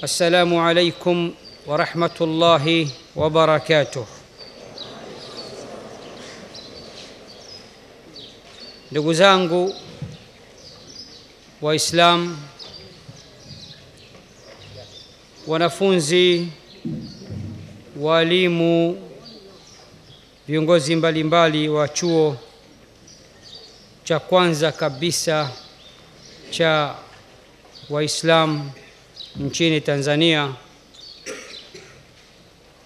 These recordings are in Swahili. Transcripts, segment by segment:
السلام عليكم ورحمة الله وبركاته ndugu zangu waislam wanafunzi walimu viongozi mbalimbali wa chuo cha kwanza kabisa cha waislamu nchini Tanzania,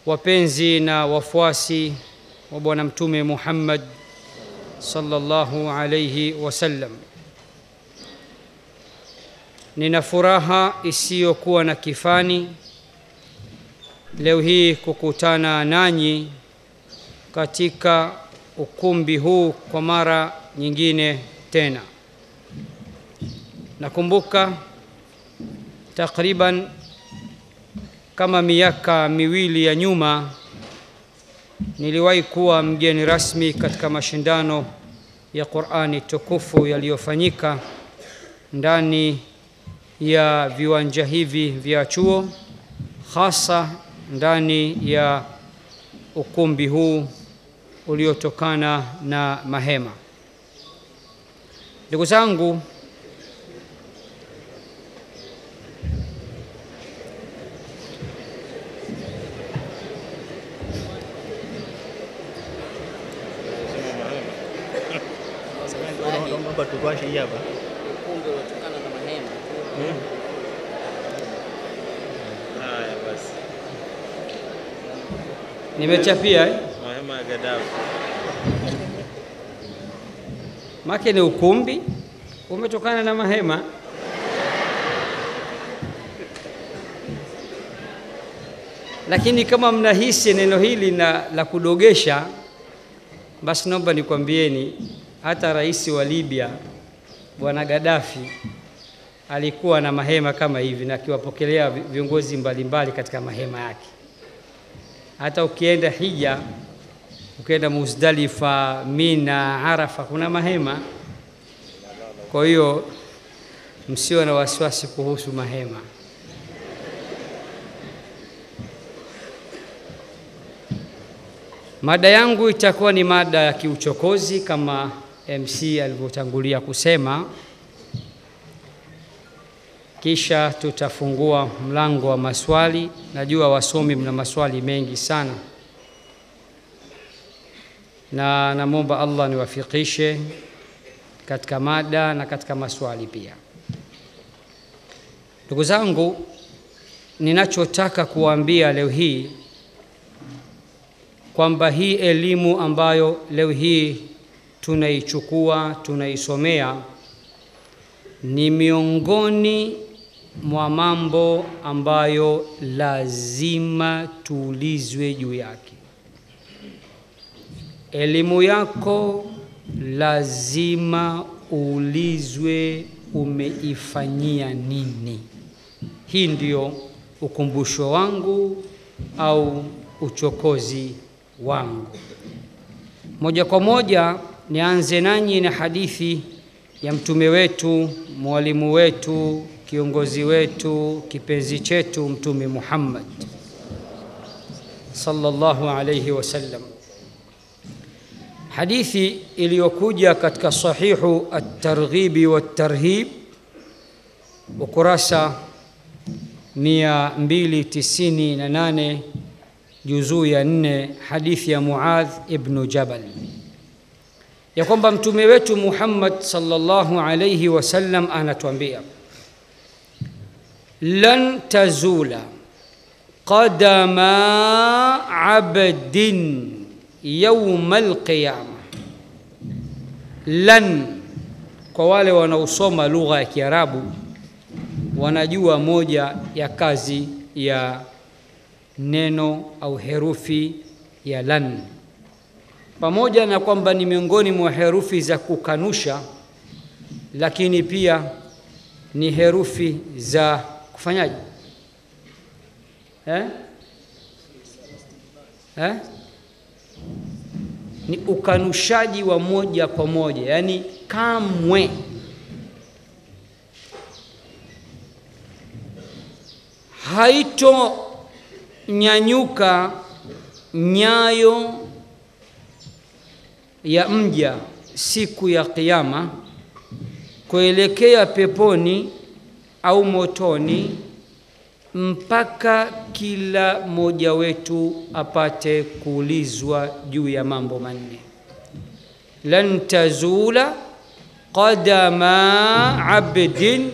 wapenzi na wafuasi wa Bwana Mtume Muhammad sallallahu alayhi wasallam, nina furaha isiyokuwa na kifani leo hii kukutana nanyi katika ukumbi huu kwa mara nyingine tena. Nakumbuka takriban kama miaka miwili ya nyuma niliwahi kuwa mgeni rasmi katika mashindano ya Qur'ani tukufu yaliyofanyika ndani ya viwanja hivi vya chuo, hasa ndani ya ukumbi huu uliotokana na mahema. Ndugu zangu, kuwasha hii hapa. Kumbe uliotokana na mahema. Hmm. Haya basi. Nimechafia eh? Mahema ya Gaddafi. Make ni ukumbi umetokana na mahema. Lakini kama mnahisi neno hili na la kudogesha, basi naomba nikwambieni hata rais wa Libya Bwana Gaddafi alikuwa na mahema kama hivi na akiwapokelea viongozi mbalimbali katika mahema yake. Hata ukienda hija, ukienda Muzdalifa, Mina, Arafa, kuna mahema. Kwa hiyo msio na wasiwasi kuhusu mahema. Mada yangu itakuwa ni mada ya kiuchokozi kama MC alivyotangulia kusema, kisha tutafungua mlango wa maswali. Najua wasomi mna maswali mengi sana, na namwomba Allah niwafikishe katika mada na katika maswali pia. Ndugu zangu, ninachotaka kuwaambia leo hii kwamba hii elimu ambayo leo hii tunaichukua tunaisomea ni miongoni mwa mambo ambayo lazima tuulizwe juu yake. Elimu yako lazima uulizwe umeifanyia nini. Hii ndiyo ukumbusho wangu au uchokozi wangu moja kwa moja nianze nanyi na hadithi ya mtume wetu, mwalimu wetu, kiongozi wetu, kipenzi chetu, Mtume Muhammad sallallahu alayhi wasallam, hadithi iliyokuja katika Sahihu At-Targhibi Wat-Tarhib ukurasa 298 juzuu ya 4, hadithi ya Muadh ibnu Jabal. ya kwamba mtume wetu Muhammad sallallahu alayhi wasallam anatuambia lan tazula qadama abdin يوم القيامة لن كوالي wale لغة lugha ya موجة يا كازي يا نينو أو هروفي يا لن pamoja na kwamba ni miongoni mwa herufi za kukanusha, lakini pia ni herufi za kufanyaje eh? Eh? Ni ukanushaji wa moja kwa moja, yaani kamwe haitonyanyuka nyayo ya mja siku ya Kiyama kuelekea peponi au motoni mpaka kila mmoja wetu apate kuulizwa juu ya mambo manne. Lan tazula qadama abdin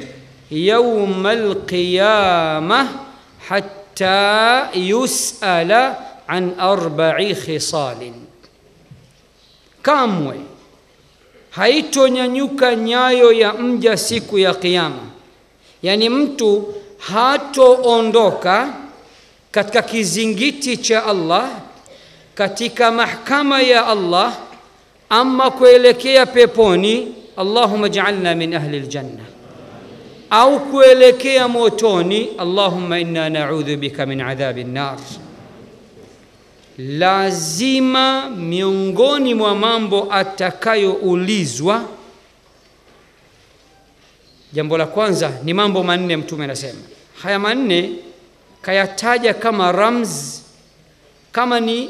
yawma alqiyama hatta yusala an arba'i khisalin kamwe haitonyanyuka nyayo ya mja siku ya Kiyama, yani mtu hatoondoka katika kizingiti cha Allah, katika mahkama ya Allah, ama kuelekea peponi, Allahumma ja'alna min ahli aljanna, au kuelekea motoni, Allahumma inna na'udhu bika min adhabi nnar. lazima miongoni mwa mambo atakayoulizwa, jambo la kwanza ni mambo manne. Mtume anasema haya manne kayataja kama rams, kama ni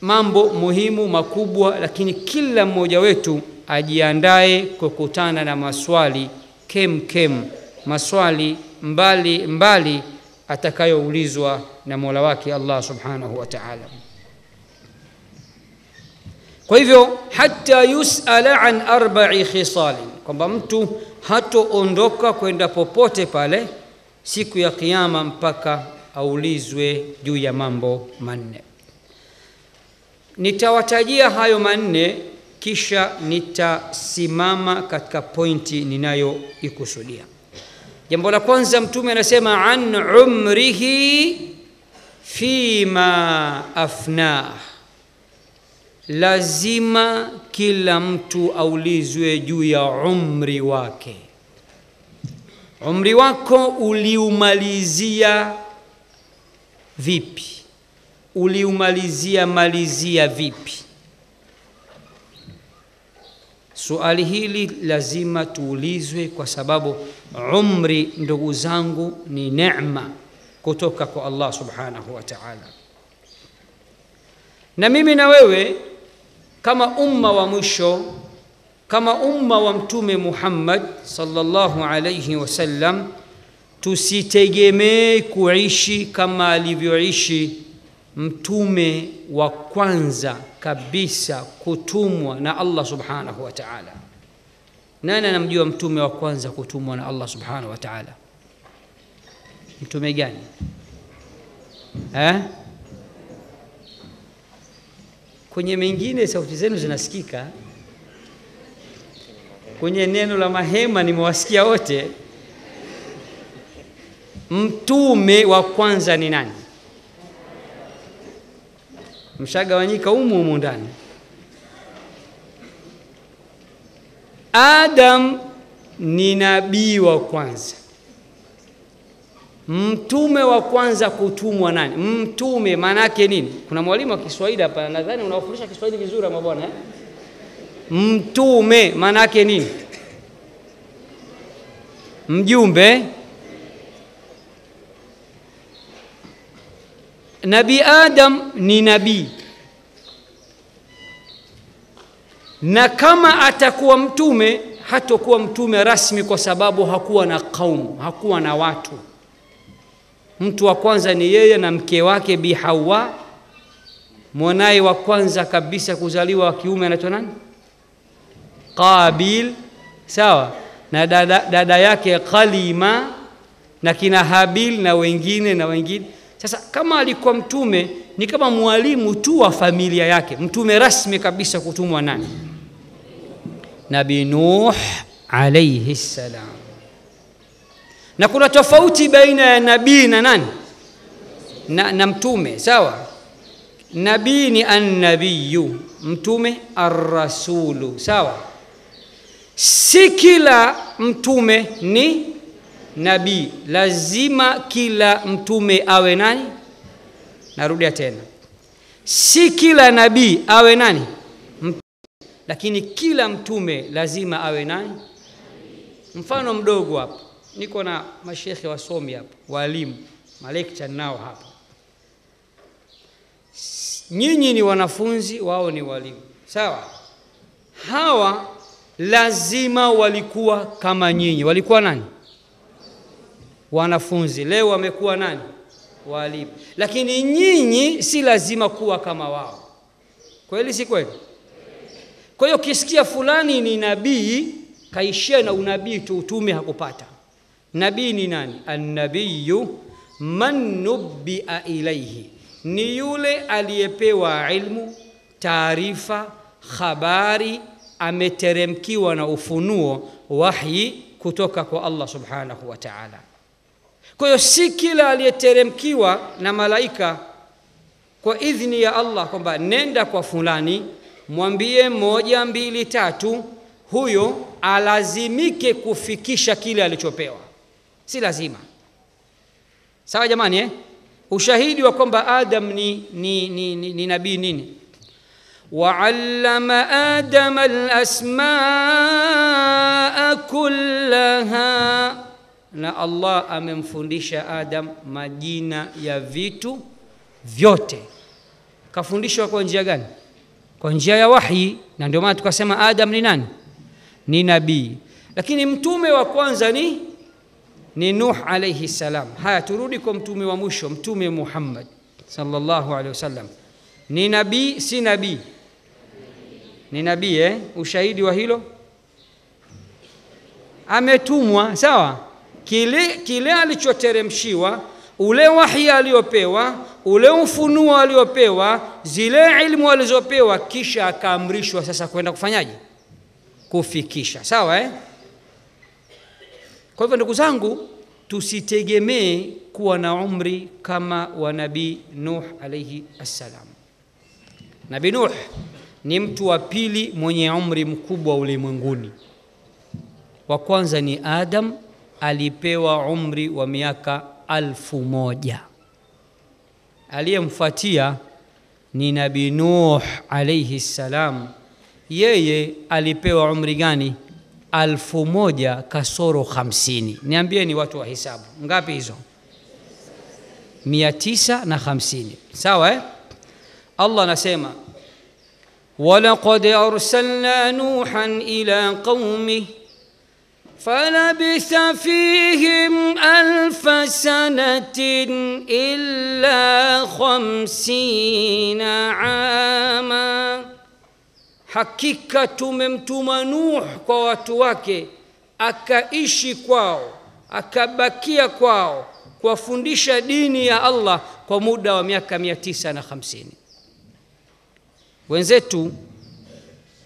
mambo muhimu makubwa, lakini kila mmoja wetu ajiandae kukutana na maswali kem kem, maswali mbali mbali atakayoulizwa na Mola wake Allah subhanahu wa ta'ala. Kwa hivyo hata yusala an arba'i khisalin, kwamba mtu hatoondoka kwenda popote pale siku ya Kiyama mpaka aulizwe juu ya mambo manne. Nitawatajia hayo manne, kisha nitasimama katika pointi ninayoikusudia. Jambo la kwanza Mtume anasema an umrihi fima afna, lazima kila mtu aulizwe juu ya umri wake. Umri wako uliumalizia vipi? Uliumalizia malizia vipi? Suali hili lazima tuulizwe, kwa sababu umri ndugu zangu ni neema kutoka kwa Allah subhanahu wa ta'ala. Na mimi na wewe kama umma wa mwisho, kama umma wa Mtume Muhammad sallallahu alayhi wasallam, tusitegemee kuishi kama alivyoishi mtume wa kwanza kabisa kutumwa na Allah subhanahu wa ta'ala nani anamjua mtume wa kwanza kutumwa na Allah subhanahu wa taala? Mtume gani eh? Kwenye mengine sauti zenu zinasikika, kwenye neno la mahema nimewasikia wote. Mtume wa kwanza ni nani? Mshagawanyika umu umu ndani. Adam ni nabii wa kwanza, mtume wa kwanza kutumwa nani? Mtume maanake nini? Kuna mwalimu wa Kiswahili hapa, nadhani unawafundisha Kiswahili vizuri ama bwana eh? Mtume maanake nini? Mjumbe. Nabii Adam ni nabii na kama atakuwa mtume hatakuwa mtume rasmi kwa sababu hakuwa na kaumu, hakuwa na watu. Mtu wa kwanza ni yeye na mke wake Bi Hawa. Mwanaye wa kwanza kabisa kuzaliwa wa kiume anaitwa nani? Qabil, sawa na dada, dada yake Kalima na kina Habil na wengine na wengine. Sasa kama alikuwa mtume, ni kama mwalimu tu wa familia yake, mtume rasmi kabisa kutumwa nani? Nabi Nuh alayhi salam. Na kuna tofauti baina ya nabii na nani na, na mtume sawa. Nabii ni annabiyu, mtume arrasulu, sawa. Si kila mtume ni nabii, lazima kila mtume awe nani? Narudia tena, si kila nabii awe nani? lakini kila mtume lazima awe nani? Mfano mdogo hapa, niko na mashekhe wasomi hapa, walimu, malekcha nao hapa. Nyinyi ni wanafunzi, wao ni walimu, sawa? Hawa lazima walikuwa kama nyinyi, walikuwa nani? Wanafunzi. Leo wamekuwa nani? Walimu. Lakini nyinyi si lazima kuwa kama wao, kweli si kweli? Kwa hiyo ukisikia fulani ni nabii, kaishia na unabii tu, utume hakupata. Nabii ni nani? Annabiyu man nubbia ilaihi, ni yule aliyepewa ilmu, taarifa, habari, ameteremkiwa na ufunuo, wahyi kutoka kwa Allah subhanahu wa ta'ala. Kwa hiyo si kila aliyeteremkiwa na malaika kwa idhini ya Allah kwamba nenda kwa fulani mwambie moja, mbili, tatu, huyo alazimike kufikisha kile alichopewa, si lazima. Sawa jamani eh? Ushahidi wa kwamba Adam ni, ni, ni, ni, ni nabii nini? Waallama adam alasmaa kullaha, na Allah amemfundisha Adam majina ya vitu vyote. Kafundishwa kwa njia gani? kwa njia ya wahi, na ndio maana tukasema Adam ni nani? Ni nabii, lakini mtume wa kwanza ni ni Nuh alayhi salam. Haya, turudi kwa mtume wa mwisho, Mtume Muhammad sallallahu alaihi wasallam. Ni nabii, si nabii? Ni nabii eh? Ushahidi wa hilo, ametumwa sawa, kile kile alichoteremshiwa, ule wahi aliyopewa ule ufunuo aliopewa, zile ilmu alizopewa, kisha akaamrishwa sasa kwenda kufanyaje? Kufikisha. Sawa eh? Kwa hivyo ndugu zangu, tusitegemee kuwa na umri kama wa Nabii Nuh alayhi assalam. Nabii Nuh ni mtu wa pili mwenye umri mkubwa ulimwenguni. Wa kwanza ni Adam, alipewa umri wa miaka alfu moja. aliyemfuatia ni Nabii Nuh alayhi salam. Yeye alipewa umri gani? alfu moja kasoro hamsini. Niambieni watu wa hisabu, ngapi hizo? mia tisa na hamsini. Sawa eh? Allah anasema walaqad arsalna nuhan ila qaumihi فلبث فيهم ألف سنة إلا خمسين عاما Hakika tumemtuma Nuh kwa watu wake, akaishi kwao, akabakia kwao kuwafundisha dini ya Allah kwa muda wa miaka mia tisa na hamsini. Wenzetu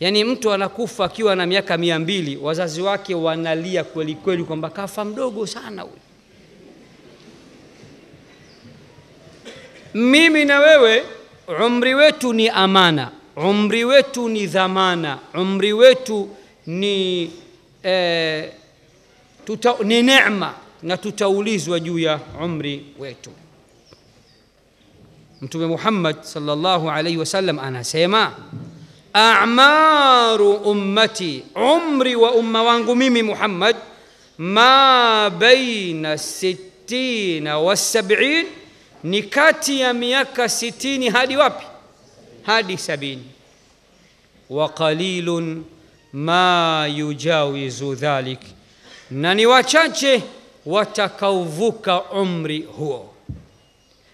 yaani mtu anakufa akiwa na miaka mia mbili wazazi wake wanalia kweli kweli kwamba kafa mdogo sana huyu mimi na wewe umri wetu ni amana umri wetu ni dhamana umri wetu ni eh, tuta, ni neema na tutaulizwa juu ya umri wetu mtume muhammad sallallahu alaihi wasallam anasema أعمار أمتي عمري وأم وانغميمي محمد ما بين الستين والسبعين نكاتي مياك ستين هادي وابي هادي سبين وقليل ما يجاوز ذلك ناني واتشاتشي وتكوفوك عمري هو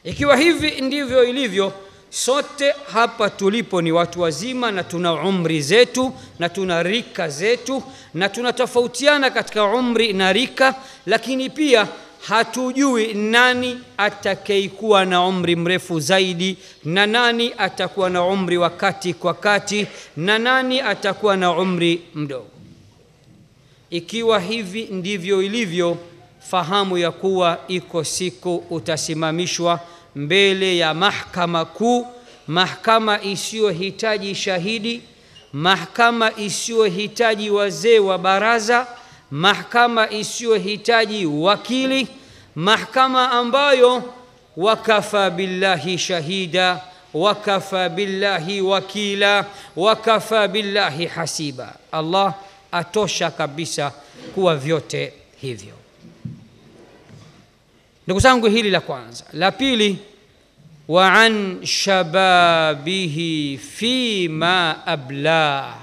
إكي وهيفي إنديفيو إليفيو Sote hapa tulipo ni watu wazima na tuna umri zetu na tuna rika zetu na tunatofautiana katika umri na rika, lakini pia hatujui nani atakayekuwa na umri mrefu zaidi na nani atakuwa na umri wa kati kwa kati na nani atakuwa na umri mdogo. Ikiwa hivi ndivyo ilivyo, fahamu ya kuwa iko siku utasimamishwa mbele ya mahakama kuu, mahakama isiyohitaji shahidi, mahakama isiyohitaji wazee wa baraza, mahakama isiyohitaji wakili, mahakama ambayo wakafa billahi shahida wakafa billahi wakila wakafa billahi hasiba. Allah atosha kabisa kuwa vyote hivyo ndugu zangu hili la kwanza la pili wa an shababihi fima ablah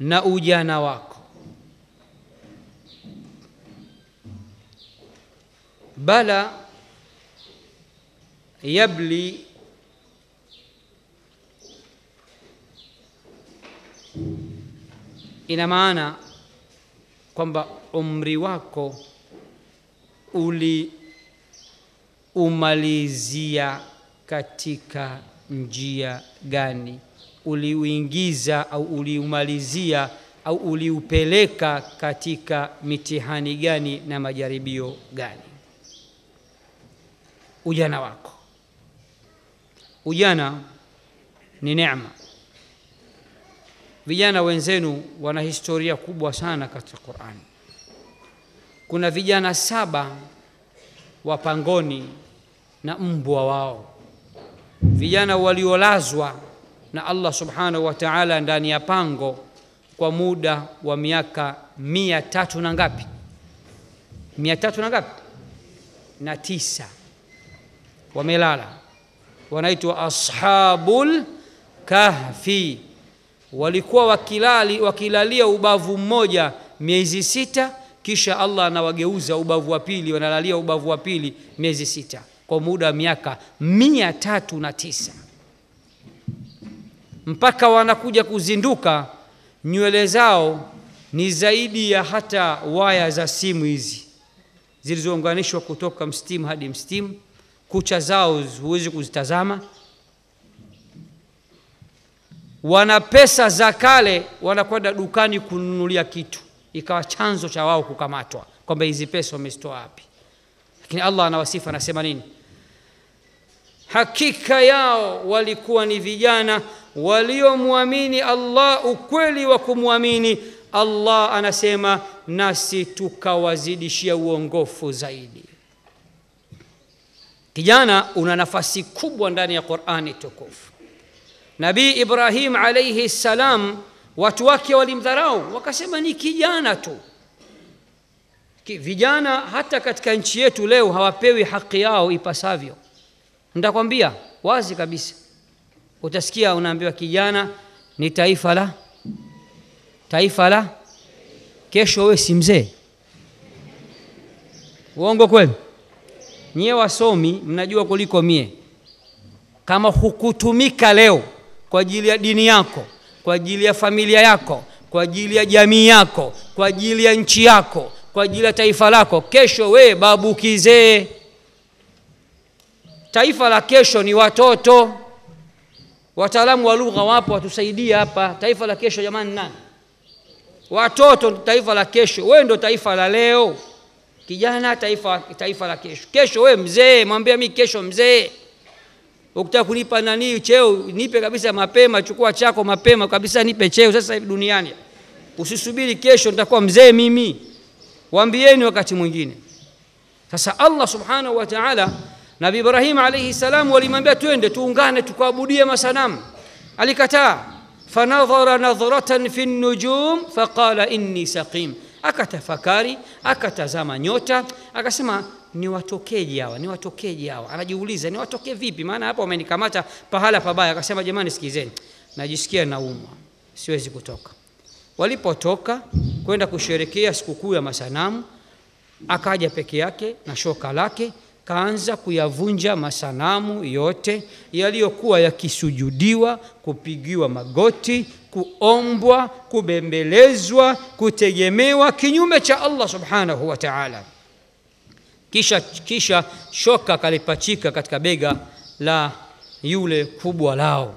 na ujana wako bala yabli ina maana kwamba umri wako uliumalizia katika njia gani, uliuingiza au uliumalizia au uliupeleka katika mitihani gani na majaribio gani? Ujana wako, ujana ni neema Vijana wenzenu wana historia kubwa sana katika Qur'an. Kuna vijana saba wa pangoni na mbwa wao, vijana waliolazwa na Allah subhanahu wa ta'ala ndani ya pango kwa muda wa miaka mia tatu na ngapi? Mia tatu na ngapi? Na tisa, wamelala wanaitwa ashabul kahfi walikuwa wakilali, wakilalia ubavu mmoja miezi sita, kisha Allah anawageuza ubavu wa pili, wanalalia ubavu wa pili miezi sita kwa muda wa miaka mia tatu na tisa mpaka wanakuja kuzinduka, nywele zao ni zaidi ya hata waya za simu hizi zilizounganishwa kutoka mstimu hadi mstimu. Kucha zao huwezi kuzitazama, wana pesa za kale wanakwenda dukani kununulia kitu, ikawa chanzo cha wao kukamatwa, kwamba hizi pesa wamezitoa wapi. Lakini Allah anawasifu anasema nini? Hakika yao walikuwa ni vijana waliomwamini Allah, ukweli wa kumwamini Allah. Anasema nasi tukawazidishia uongofu zaidi. Kijana una nafasi kubwa ndani ya Qur'ani tukufu Nabii Ibrahim alaihi salam watu wake walimdharau, wakasema ni kijana tu. Vijana hata katika nchi yetu leo hawapewi haki yao ipasavyo. Nitakwambia wazi kabisa, utasikia unaambiwa kijana ni taifa la taifa la kesho, wewe si mzee. Uongo kweli? Nyie wasomi mnajua kuliko mie. Kama hukutumika leo kwa ajili ya dini yako, kwa ajili ya familia yako, kwa ajili ya jamii yako, kwa ajili ya nchi yako, kwa ajili ya taifa lako. Kesho we babu kizee, taifa la kesho ni watoto. Wataalamu wa lugha wapo watusaidia hapa. Taifa la kesho jamani, nani? Watoto taifa la kesho, we ndo taifa la leo. Kijana taifa, taifa la kesho. Kesho we mzee, mwambia mi kesho mzee ukitaka kunipa nani cheo nipe kabisa mapema, chukua chako mapema kabisa, nipe cheo sasa hivi duniani, usisubiri kesho, nitakuwa mzee mimi. Waambieni wakati mwingine. Sasa Allah subhanahu wa ta'ala, Nabii Ibrahim alayhi salam walimwambia twende tuungane tukaabudie masanamu, alikataa. Fanadhara nadhratan fi nujum faqala inni saqim, akatafakari akatazama nyota akasema watokeje hawa watokeje hawa anajiuliza niwatoke vipi maana hapa wamenikamata pahala pabaya akasema jamani sikizeni najisikia naumwa siwezi kutoka walipotoka kwenda kusherekea sikukuu ya masanamu akaja peke yake na shoka lake kaanza kuyavunja masanamu yote yaliyokuwa yakisujudiwa, kupigiwa magoti, kuombwa, kubembelezwa, kutegemewa kinyume cha Allah subhanahu wa ta'ala. kisha, kisha shoka kalipachika katika bega la yule kubwa lao.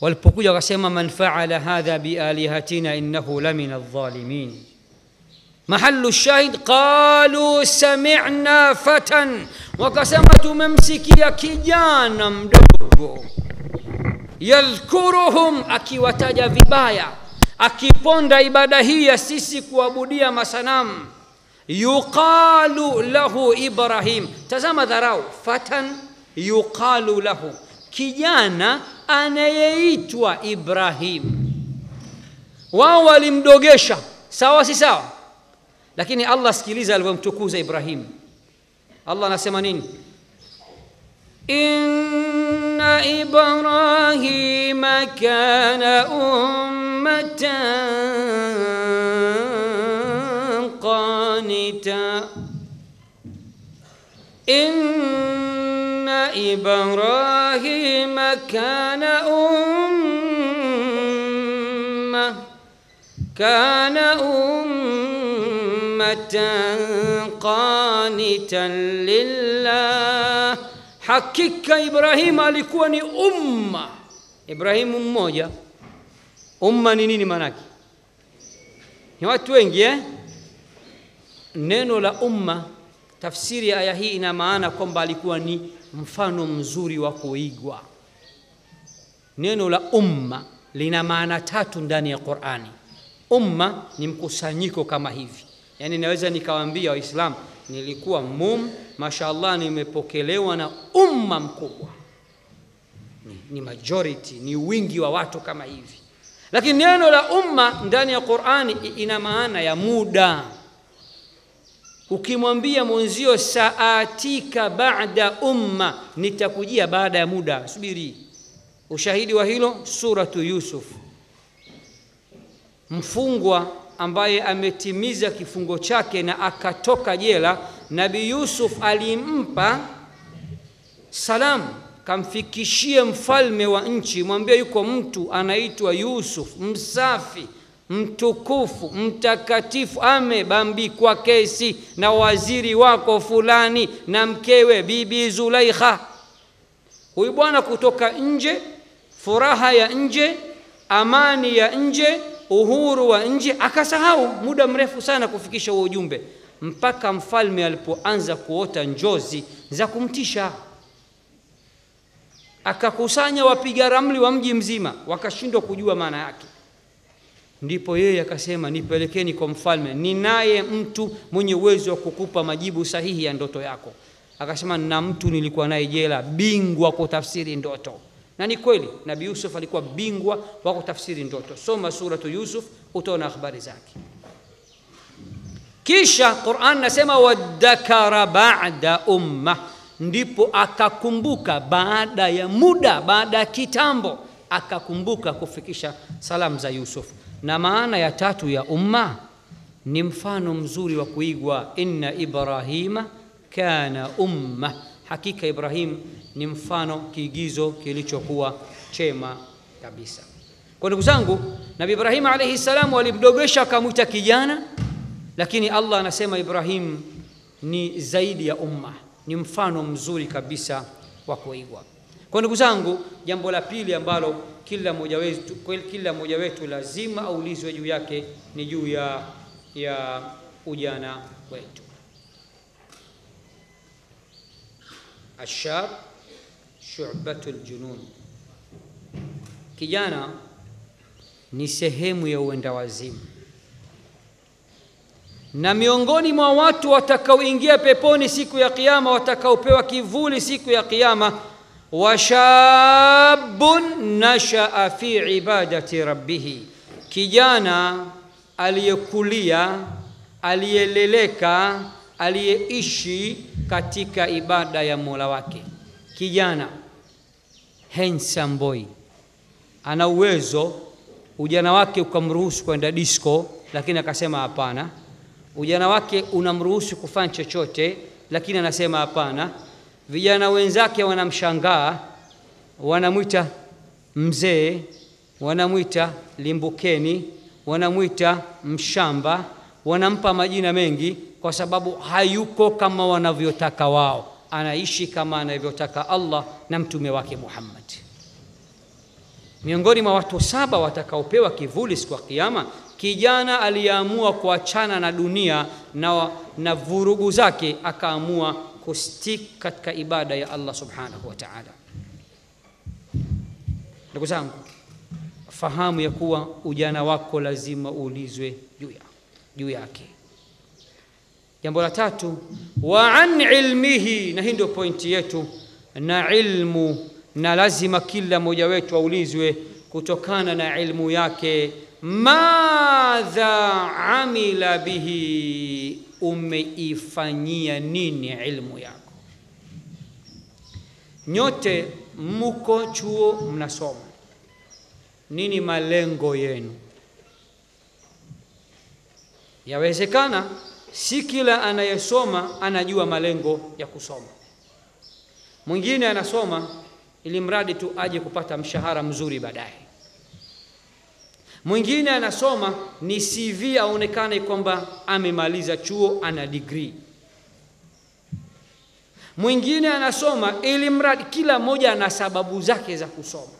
Walipokuja wakasema, man faala hadha bialihatina innahu lamin aldhalimin. Mahalu shahid, qalu samina fatan, wakasema tumemsikia kijana mdogo yadhkuruhum, akiwataja vibaya, akiponda ibada hii ya sisi kuabudia masanamu يقال له إبراهيم تزام ذراو فتن يقال له كيانا أنا يتوى إبراهيم واو لمدوغيشا سوا سي سوا لكن الله سكيليزا لهم تكوز إبراهيم الله نسمانين إن إبراهيم كان أمةً قانتا إن إبراهيم كان أمة كان أمة قانتا لله hakika Ibrahimu alikuwa ni umma. Ibrahimu mmoja. Umma ni nini maanake? Ni watu wengi eh? neno la umma, tafsiri ya aya hii ina maana kwamba alikuwa ni mfano mzuri wa kuigwa. Neno la umma lina maana tatu ndani ya Qur'ani. Umma ni mkusanyiko kama hivi, yaani naweza nikawaambia Waislamu, nilikuwa MUM, mashallah, nimepokelewa na umma mkubwa, ni, ni majority, ni wingi wa watu kama hivi. Lakini neno la umma ndani ya Qur'ani ina maana ya muda ukimwambia mwenzio saatika ba'da umma, nitakujia baada ya muda, subiri. Ushahidi wa hilo suratu Yusuf, mfungwa ambaye ametimiza kifungo chake na akatoka jela, nabi Yusuf alimpa salamu, kamfikishie mfalme wa nchi, mwambie yuko mtu anaitwa Yusuf msafi mtukufu mtakatifu amebambikwa kesi na waziri wako fulani na mkewe bibi Zulaikha. Huyu bwana kutoka nje, furaha ya nje, amani ya nje, uhuru wa nje, akasahau muda mrefu sana kufikisha huo ujumbe, mpaka mfalme alipoanza kuota njozi za kumtisha akakusanya wapiga ramli wa mji mzima, wakashindwa kujua maana yake. Ndipo yeye akasema, nipelekeni kwa mfalme, ninaye mtu mwenye uwezo wa kukupa majibu sahihi ya ndoto yako. Akasema, na mtu nilikuwa naye jela, bingwa kutafsiri ndoto. Na ni kweli Nabii Yusuf alikuwa bingwa wa kutafsiri ndoto. Soma suratu Yusuf utaona habari zake. Kisha Quran nasema wadhakara ba'da umma, ndipo akakumbuka baada ya muda, baada ya kitambo, akakumbuka kufikisha salamu za Yusuf na maana ya tatu ya umma ni mfano mzuri wa kuigwa, inna Ibrahima kana umma, hakika Ibrahim ni mfano kiigizo kilichokuwa chema kabisa. Kwa ndugu zangu, Nabii Ibrahim alayhi salam walimdogesha akamwita kijana, lakini Allah anasema Ibrahim ni zaidi ya umma, ni mfano mzuri kabisa wa kuigwa. Kwa ndugu zangu, jambo la pili ambalo kila mmoja wetu, kila mmoja wetu lazima aulizwe juu yake, ni juu ya, ya ujana wetu. Ashab shubatu ljunun, kijana ni sehemu ya uenda wazimu, na miongoni mwa watu watakaoingia peponi siku ya Kiyama, watakaopewa kivuli siku ya Kiyama washabun nashaa fi ibadati rabbihi, kijana aliyekulia, aliyeleleka, aliyeishi katika ibada ya Mola wake. Kijana handsome boy, ana uwezo, ujana wake ukamruhusu kwenda disco, lakini akasema hapana. Ujana wake unamruhusu kufanya chochote, lakini anasema hapana vijana wenzake wanamshangaa, wanamwita mzee, wanamwita limbukeni, wanamwita mshamba, wanampa majina mengi kwa sababu hayuko kama wanavyotaka wao, anaishi kama anavyotaka Allah na mtume wake Muhammad. Miongoni mwa watu saba watakaopewa kivuli siku ya Kiyama, kijana aliyeamua kuachana na dunia na, na vurugu zake, akaamua kustik katika ibada ya Allah subhanahu wa ta'ala. Ndugu zangu, fahamu ya kuwa ujana wako lazima uulizwe juu ya juu yake. Jambo la tatu, wa an ilmihi, na hii ndio pointi yetu, na ilmu, na lazima kila mmoja wetu aulizwe kutokana na ilmu yake, madha amila bihi umeifanyia nini ilmu yako? Nyote mko chuo mnasoma, nini malengo yenu? Yawezekana si kila anayesoma anajua malengo ya kusoma. Mwingine anasoma ili mradi tu aje kupata mshahara mzuri baadaye Mwingine anasoma ni CV aonekane kwamba amemaliza chuo, ana degree. Mwingine anasoma ili mradi, kila mmoja ana sababu zake za kusoma.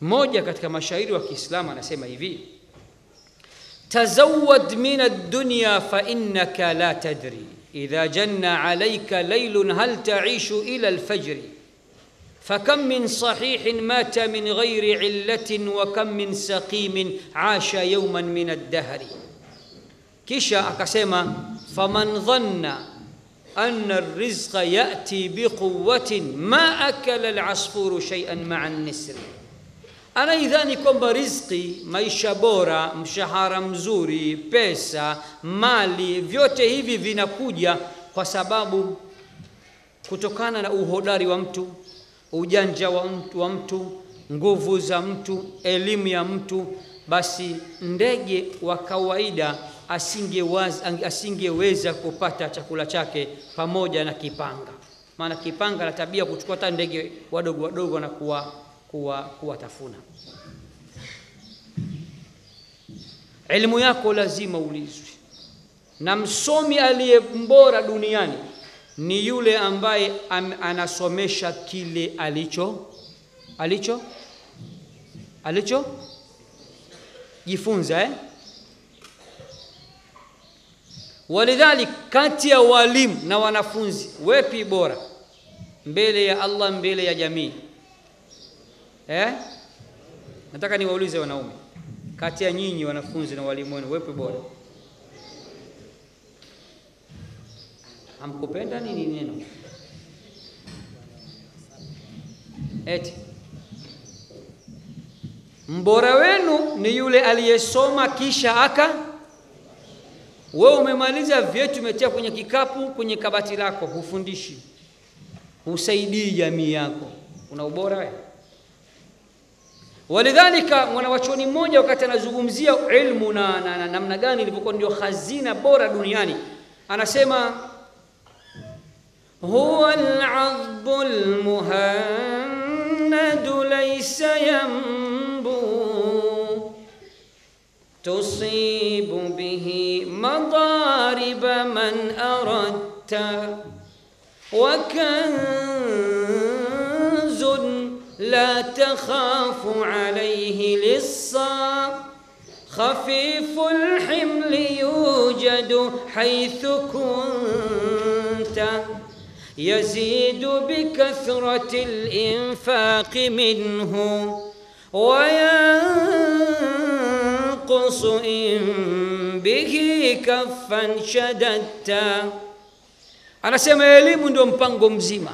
Mmoja katika mashairi wa Kiislamu anasema hivi: tazawad min ad-dunya fa innaka la tadri idha janna alayka laylun hal ta'ishu ila al-fajri فكم من صحيح مات من غير علة وكم من سقيم عاش يوما من الدهر كيشا أكسيما فمن ظن أن الرزق يأتي بقوة ما أكل العصفور شيئا مع النسر أنا إذا نكون برزقي ما يشابورا مشهارا مزوري بيسا مالي فيوتي هيفي فينا كوديا وسبابه كتوكانا أوهداري ومتو ujanja wa mtu, wa mtu, nguvu za mtu, elimu ya mtu, basi ndege wa kawaida asingeweza kupata chakula chake pamoja na kipanga. Maana kipanga la tabia kuchukua hata ndege wadogo wadogo na kuwa kuwa kuwatafuna. Elimu yako lazima ulizwe na msomi aliye mbora duniani ni yule ambaye anasomesha kile alicho alicho alicho jifunza eh? Walidhalik, kati ya walimu na wanafunzi wepi bora mbele ya Allah, mbele ya jamii eh? Nataka niwaulize wanaume, kati ya nyinyi wanafunzi na walimu wenu wepi bora? hamkupenda nini neno eti mbora wenu ni yule aliyesoma kisha aka wewe umemaliza vyetu umetia kwenye kikapu kwenye kabati lako hufundishi husaidii jamii yako una ubora wewe walidhalika mwanawachuoni mmoja wakati anazungumzia ilmu na namna na, na, gani ilivyokuwa ndio hazina bora duniani anasema هو العظب المهند ليس ينبو تصيب به مضارب من أردت وكنز لا تخاف عليه لصا خفيف الحمل يوجد حيث كنت يزيد بكثرة الإنفاق منه وينقص إن به كفا شددتا anasema elimu ndio mpango mzima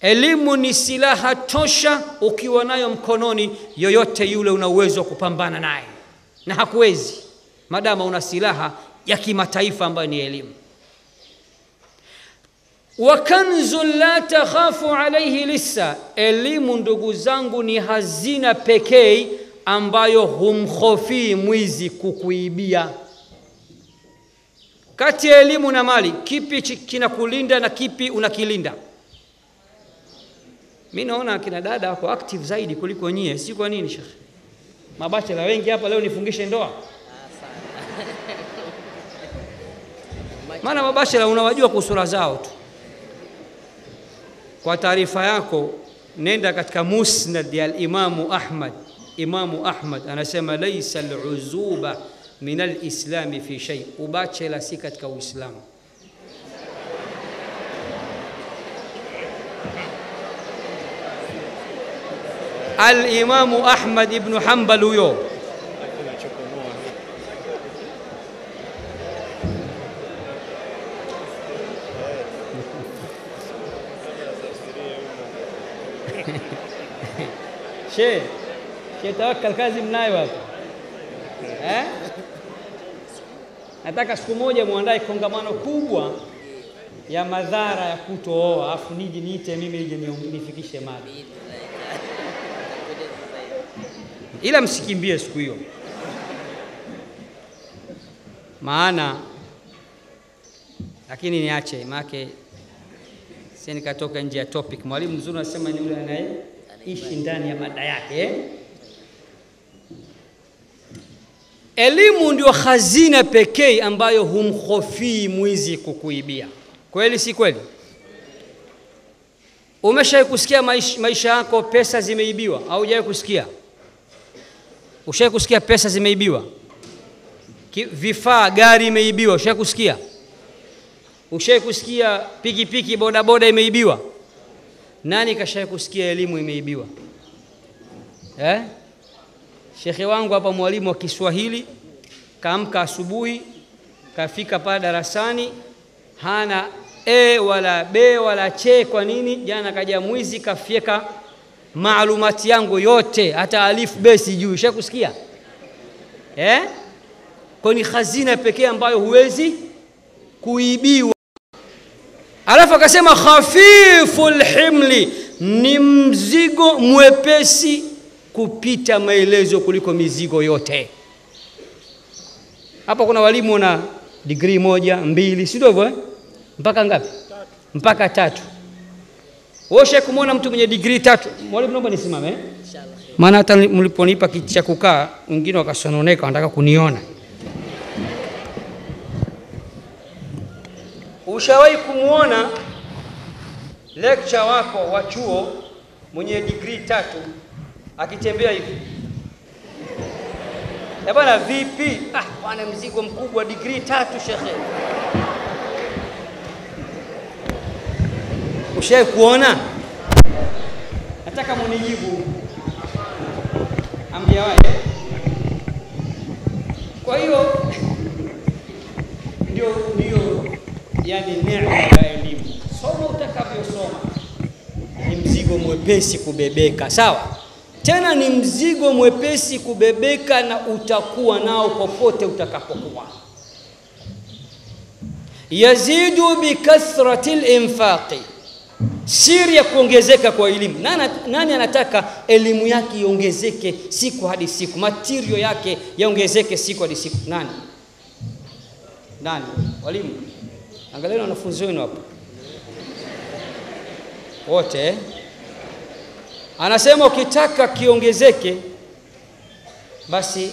elimu ni silaha tosha ukiwa nayo mkononi yoyote yule una uwezo wa kupambana naye na hakuwezi madama una silaha ya kimataifa ambayo ni elimu wa kanzun la takhafu alaihi lissa, elimu ndugu zangu ni hazina pekee ambayo humhofii mwizi kukuibia. Kati ya elimu na mali, kipi kinakulinda na kipi unakilinda? Mi naona akina dada wako active zaidi kuliko nyie, si kwa nini shekhe? Mabachela wengi hapa leo nifungishe ndoa maana mabashara unawajua kwa sura zao tu. kwa taarifa yako nenda katika musnad ya Imamu Ahmad. Imamu Ahmad anasema laisa aluzuba min alislami fi shay, ubache la si katika Uislamu. الإمام أحمد بن حنبل يوم She She Tawakal, kazi mnayo hapa eh? Nataka siku moja muandae kongamano kubwa ya madhara ya kutooa, afu niji niite mimi nije nifikishe mada, ila msikimbie siku hiyo, maana lakini niache make, sie nikatoka nje ya topic. Mwalimu mzuri anasema ni yule anaye ishi ndani ya mada yake. Elimu ndio hazina pekee ambayo humhofii mwizi kukuibia. Kweli si kweli? Umeshawahi kusikia maisha, maisha yako pesa zimeibiwa au hujawahi kusikia? Ushawahi kusikia pesa zimeibiwa? Vifaa, gari imeibiwa, ushawahi kusikia? Ushawahi kusikia pikipiki, bodaboda imeibiwa? Nani kashaye kusikia elimu imeibiwa eh? Shekhe wangu hapa, mwalimu wa Kiswahili, kaamka asubuhi, kafika pale darasani, hana e wala b wala che. Kwa nini? Jana kaja mwizi kafyeka maalumati yangu yote, hata alifu be sijui. Shai kusikia eh? Kwa ni hazina pekee ambayo huwezi kuibiwa alafu akasema khafifu lhimli, ni mzigo mwepesi kupita maelezo kuliko mizigo yote. Hapa kuna walimu na digrii moja mbili, si hivyo eh? mpaka ngapi? Tatu. Mpaka tatu. Wewe kumwona mtu mwenye digrii tatu? Mwalimu, naomba nisimame, eh? maana hata mliponipa kiti cha kukaa wengine wakasononeka, wanataka kuniona Ushawahi kumwona lecture wako wa chuo mwenye degree tatu akitembea hivi? Eh bwana, vipi? Ah bwana, mzigo mkubwa, degree tatu shekhe. Ushawahi kuona? Nataka munijibu. Ambia Kwa hiyo ndio ndio yani neema ya elimu. Soma utakavyosoma ni mzigo mwepesi kubebeka, sawa? Tena ni mzigo mwepesi kubebeka na utakuwa nao popote utakapokuwa. Yazidu bikathrati linfaqi, siri ya kuongezeka kwa elimu. Nani, nani anataka elimu yake iongezeke siku hadi siku, matirio yake yaongezeke siku hadi siku? Nani? Nani? Walimu? Angalieni wanafunzi wenu hapo wote. Anasema ukitaka kiongezeke, basi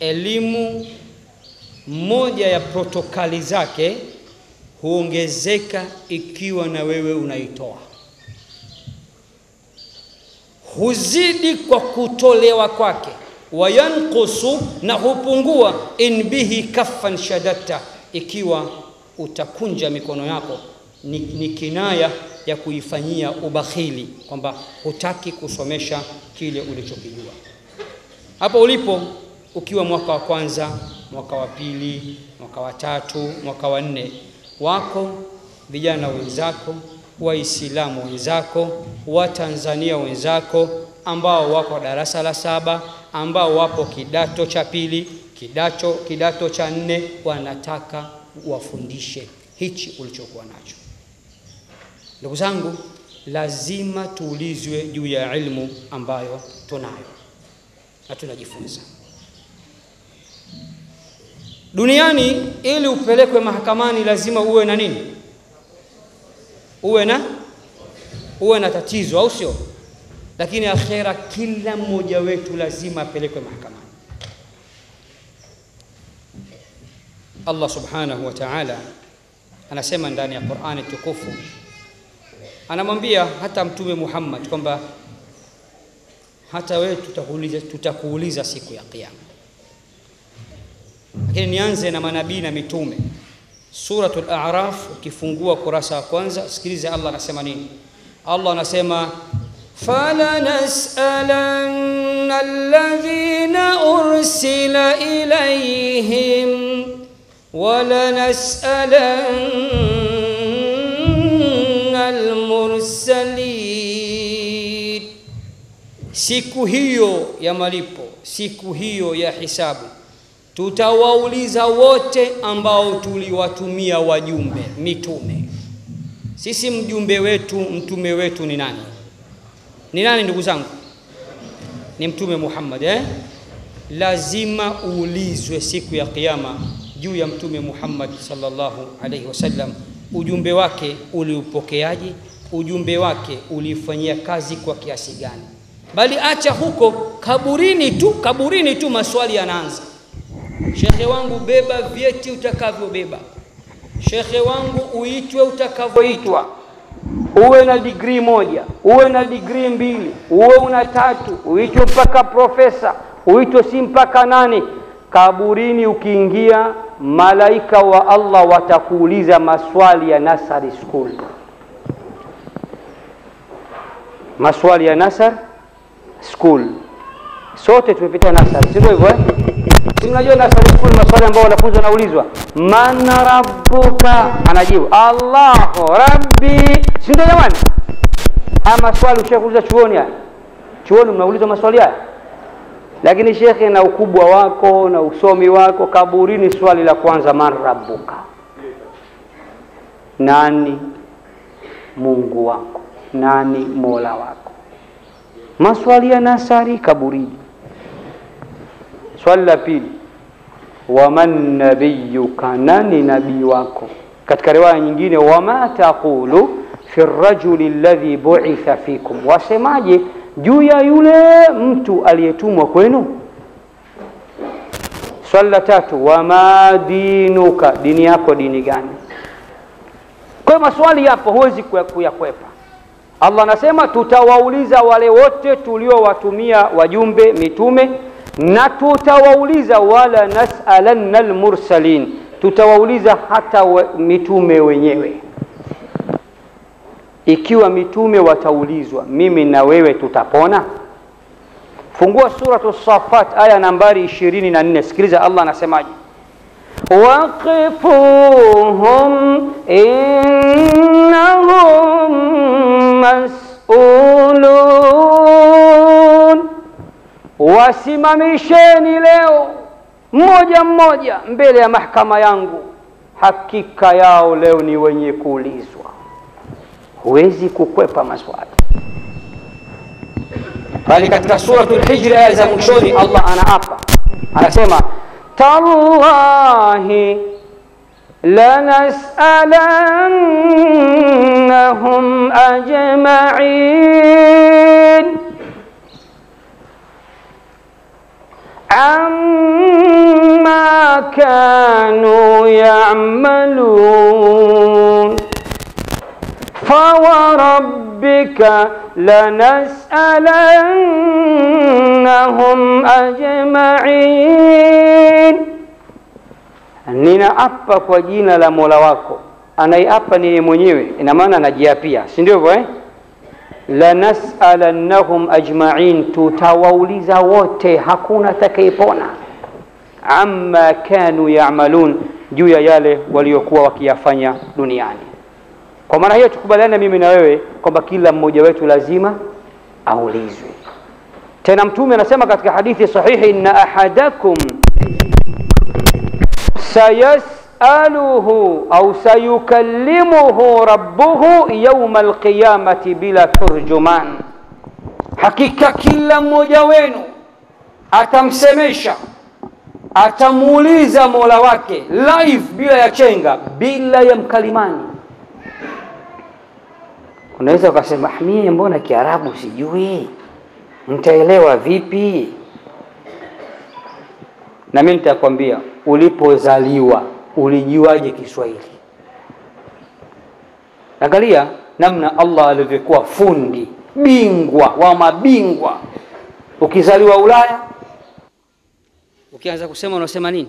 elimu moja ya protokali zake huongezeka ikiwa na wewe unaitoa. Huzidi kwa kutolewa kwake, wayankusu, na hupungua in bihi kaffan shadatta, ikiwa utakunja mikono yako ni, ni kinaya ya kuifanyia ubakhili, kwamba hutaki kusomesha kile ulichokijua hapo ulipo, ukiwa mwaka wa kwanza, mwaka wa pili, mwaka wa tatu, mwaka wa nne, wako vijana wenzako, Waislamu wenzako, Watanzania wenzako ambao wako darasa la saba, ambao wapo kidato cha pili, kidato, kidato cha nne, wanataka uwafundishe hichi ulichokuwa nacho. Ndugu zangu, lazima tuulizwe juu ya ilmu ambayo tunayo na tunajifunza duniani. Ili upelekwe mahakamani, lazima uwe na nini? Uwe na uwe na tatizo, au sio? Lakini akhera, kila mmoja wetu lazima apelekwe mahakamani. Allah subhanahu wa ta'ala anasema ndani ya Qur'ani tukufu, anamwambia hata Mtume Muhammad kwamba hata wewe tutakuuliza, tutakuuliza siku ya Kiyama. Lakini nianze na manabii na mitume. Suratul A'raf, ukifungua kurasa ya kwanza, sikiliza Allah anasema nini. Allah anasema falanas'alanna alladhina ursila ilayhim ولنسألن المرسلين siku hiyo ya malipo siku hiyo ya hisabu tutawauliza wote ambao tuliwatumia wajumbe mitume sisi mjumbe wetu mtume wetu ni nani ni nani ndugu zangu ni mtume Muhammad eh lazima uulizwe siku ya kiyama juu ya Mtume Muhammad sallallahu alaihi wasallam, ujumbe wake uliupokeaje? Ujumbe wake uliifanyia kazi kwa kiasi gani? Bali acha huko kaburini tu, kaburini tu maswali yanaanza. Shekhe wangu, beba vyeti utakavyobeba. Shekhe wangu, uitwe utakavyoitwa, uwe na digrii moja, uwe na digrii mbili, uwe una tatu, uitwe mpaka profesa, uitwe si mpaka nani. Kaburini ukiingia malaika wa Allah watakuuliza maswali ya nasari school, maswali ya nasar school. Sote tumepita nasari, si ndio hivyo eh? Mnajua nasari school, maswali ambayo wanafunzi wanaulizwa, man rabbuka, anajibu Allahu rabbi, si ndio jamani? Ama swali ushakuuliza chuoni haya? Chuoni mnaulizwa maswali haya lakini shekhe, na ukubwa wako na usomi wako, kaburini swali la kwanza, man rabbuka, nani Mungu wako, nani mola wako? Maswali ya nasari kaburini. Swali la pili, waman nabiyuka, nani nabii wako? Katika riwaya nyingine, wama taqulu fi rajuli alladhi bu'itha fikum, wasemaje juu ya yule mtu aliyetumwa kwenu. Swali la tatu, wama dinuka, dini yako dini gani? Kwa hiyo maswali yapo, huwezi kuyakwepa. Allah anasema tutawauliza wale wote tuliowatumia wajumbe mitume, na tutawauliza wala nasalanna lmursalin tutawauliza hata mitume wenyewe ikiwa mitume wataulizwa, mimi na wewe tutapona? Fungua suratu Safat aya nambari ishirini na nne. Sikiliza Allah anasemaje, waqifuhum innahum masulun, wasimamisheni leo mmoja mmoja mbele ya mahakama yangu, hakika yao leo ni wenye kuulizwa. huwezi kukwepa maswali bali katika suratul hijri aya za mwishoni allah anaapa anasema tallahi lanasalannahum ajmain amma kanu yamalun فوربك lanas'alannahum ajma'in, ninaapa kwa jina la Mola wako. Anaiapa ni yeye mwenyewe, ina maana anajiapia, si ndio hivyo eh? Lanas'alannahum ajma'in, tutawauliza wote, hakuna atakayepona. Amma kanu ya'malun, juu ya yale waliokuwa wakiyafanya duniani. Kwa maana hiyo tukubaliane mimi na wewe kwamba kila mmoja wetu lazima aulizwe. Tena Mtume anasema katika hadithi sahihi, inna ahadakum sayasaluhu au sayukallimuhu rabbuhu yauma alqiyamati bila turjuman, hakika kila mmoja wenu atamsemesha atamuuliza mola wake live bila ya chenga, bila ya mkalimani Unaweza ukasema ah, mie, mbona Kiarabu sijui, nitaelewa vipi? Na mimi nitakwambia, ulipozaliwa ulijuaje Kiswahili? Angalia namna Allah alivyokuwa fundi bingwa wa mabingwa. Ukizaliwa Ulaya ukianza kusema unasema nini?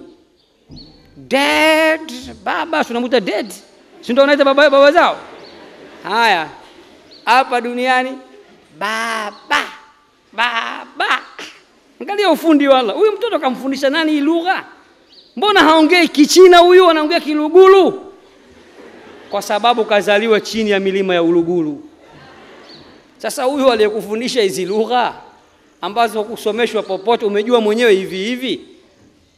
Dead baba, tunamuita dead, si ndio? Unaita baba baba zao haya hapa duniani baba baba. Angalia ufundi wala, huyu mtoto kamfundisha nani hii lugha? Mbona haongei Kichina huyu, anaongea Kiluguru? Kwa sababu kazaliwa chini ya milima ya Uluguru. Sasa huyu aliyekufundisha hizi lugha ambazo kusomeshwa popote, umejua mwenyewe hivi hivi,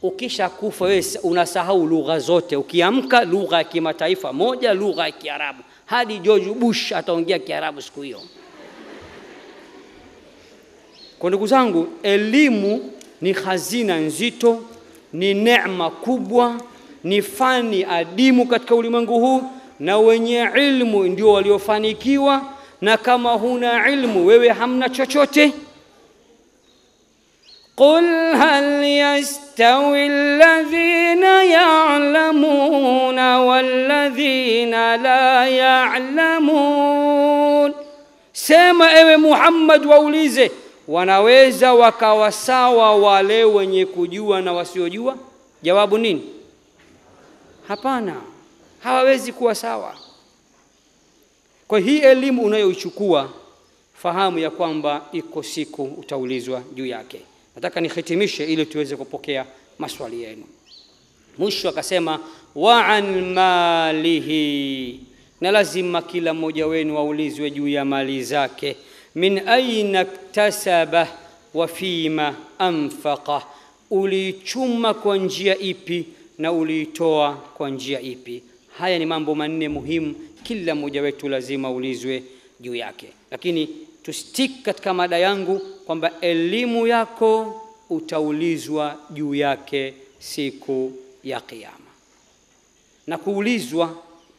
ukisha kufa wewe unasahau lugha zote, ukiamka lugha ya kimataifa moja, lugha ya Kiarabu hadi George Bush ataongea Kiarabu siku hiyo. Kwa ndugu zangu, elimu ni hazina nzito, ni neema kubwa, ni fani adimu katika ulimwengu huu, na wenye ilmu ndio waliofanikiwa, na kama huna ilmu wewe hamna chochote. قل هل يستوي الذين يعلمون والذين la ya'lamun sema ewe Muhammad waulize wanaweza wakawa sawa wale wenye kujua na wasiojua jawabu nini hapana hawawezi kuwa sawa kwa hii elimu unayoichukua fahamu ya kwamba iko siku utaulizwa juu yake nataka nihitimishe ili tuweze kupokea maswali yenu mwisho akasema wa an malihi na lazima kila mmoja wenu aulizwe juu ya mali zake min aina ktasaba wa fima anfaqa uliichuma kwa njia ipi na uliitoa kwa njia ipi haya ni mambo manne muhimu kila mmoja wetu lazima ulizwe juu yake lakini tustik katika mada yangu kwamba elimu yako utaulizwa juu yake siku ya Kiyama, na kuulizwa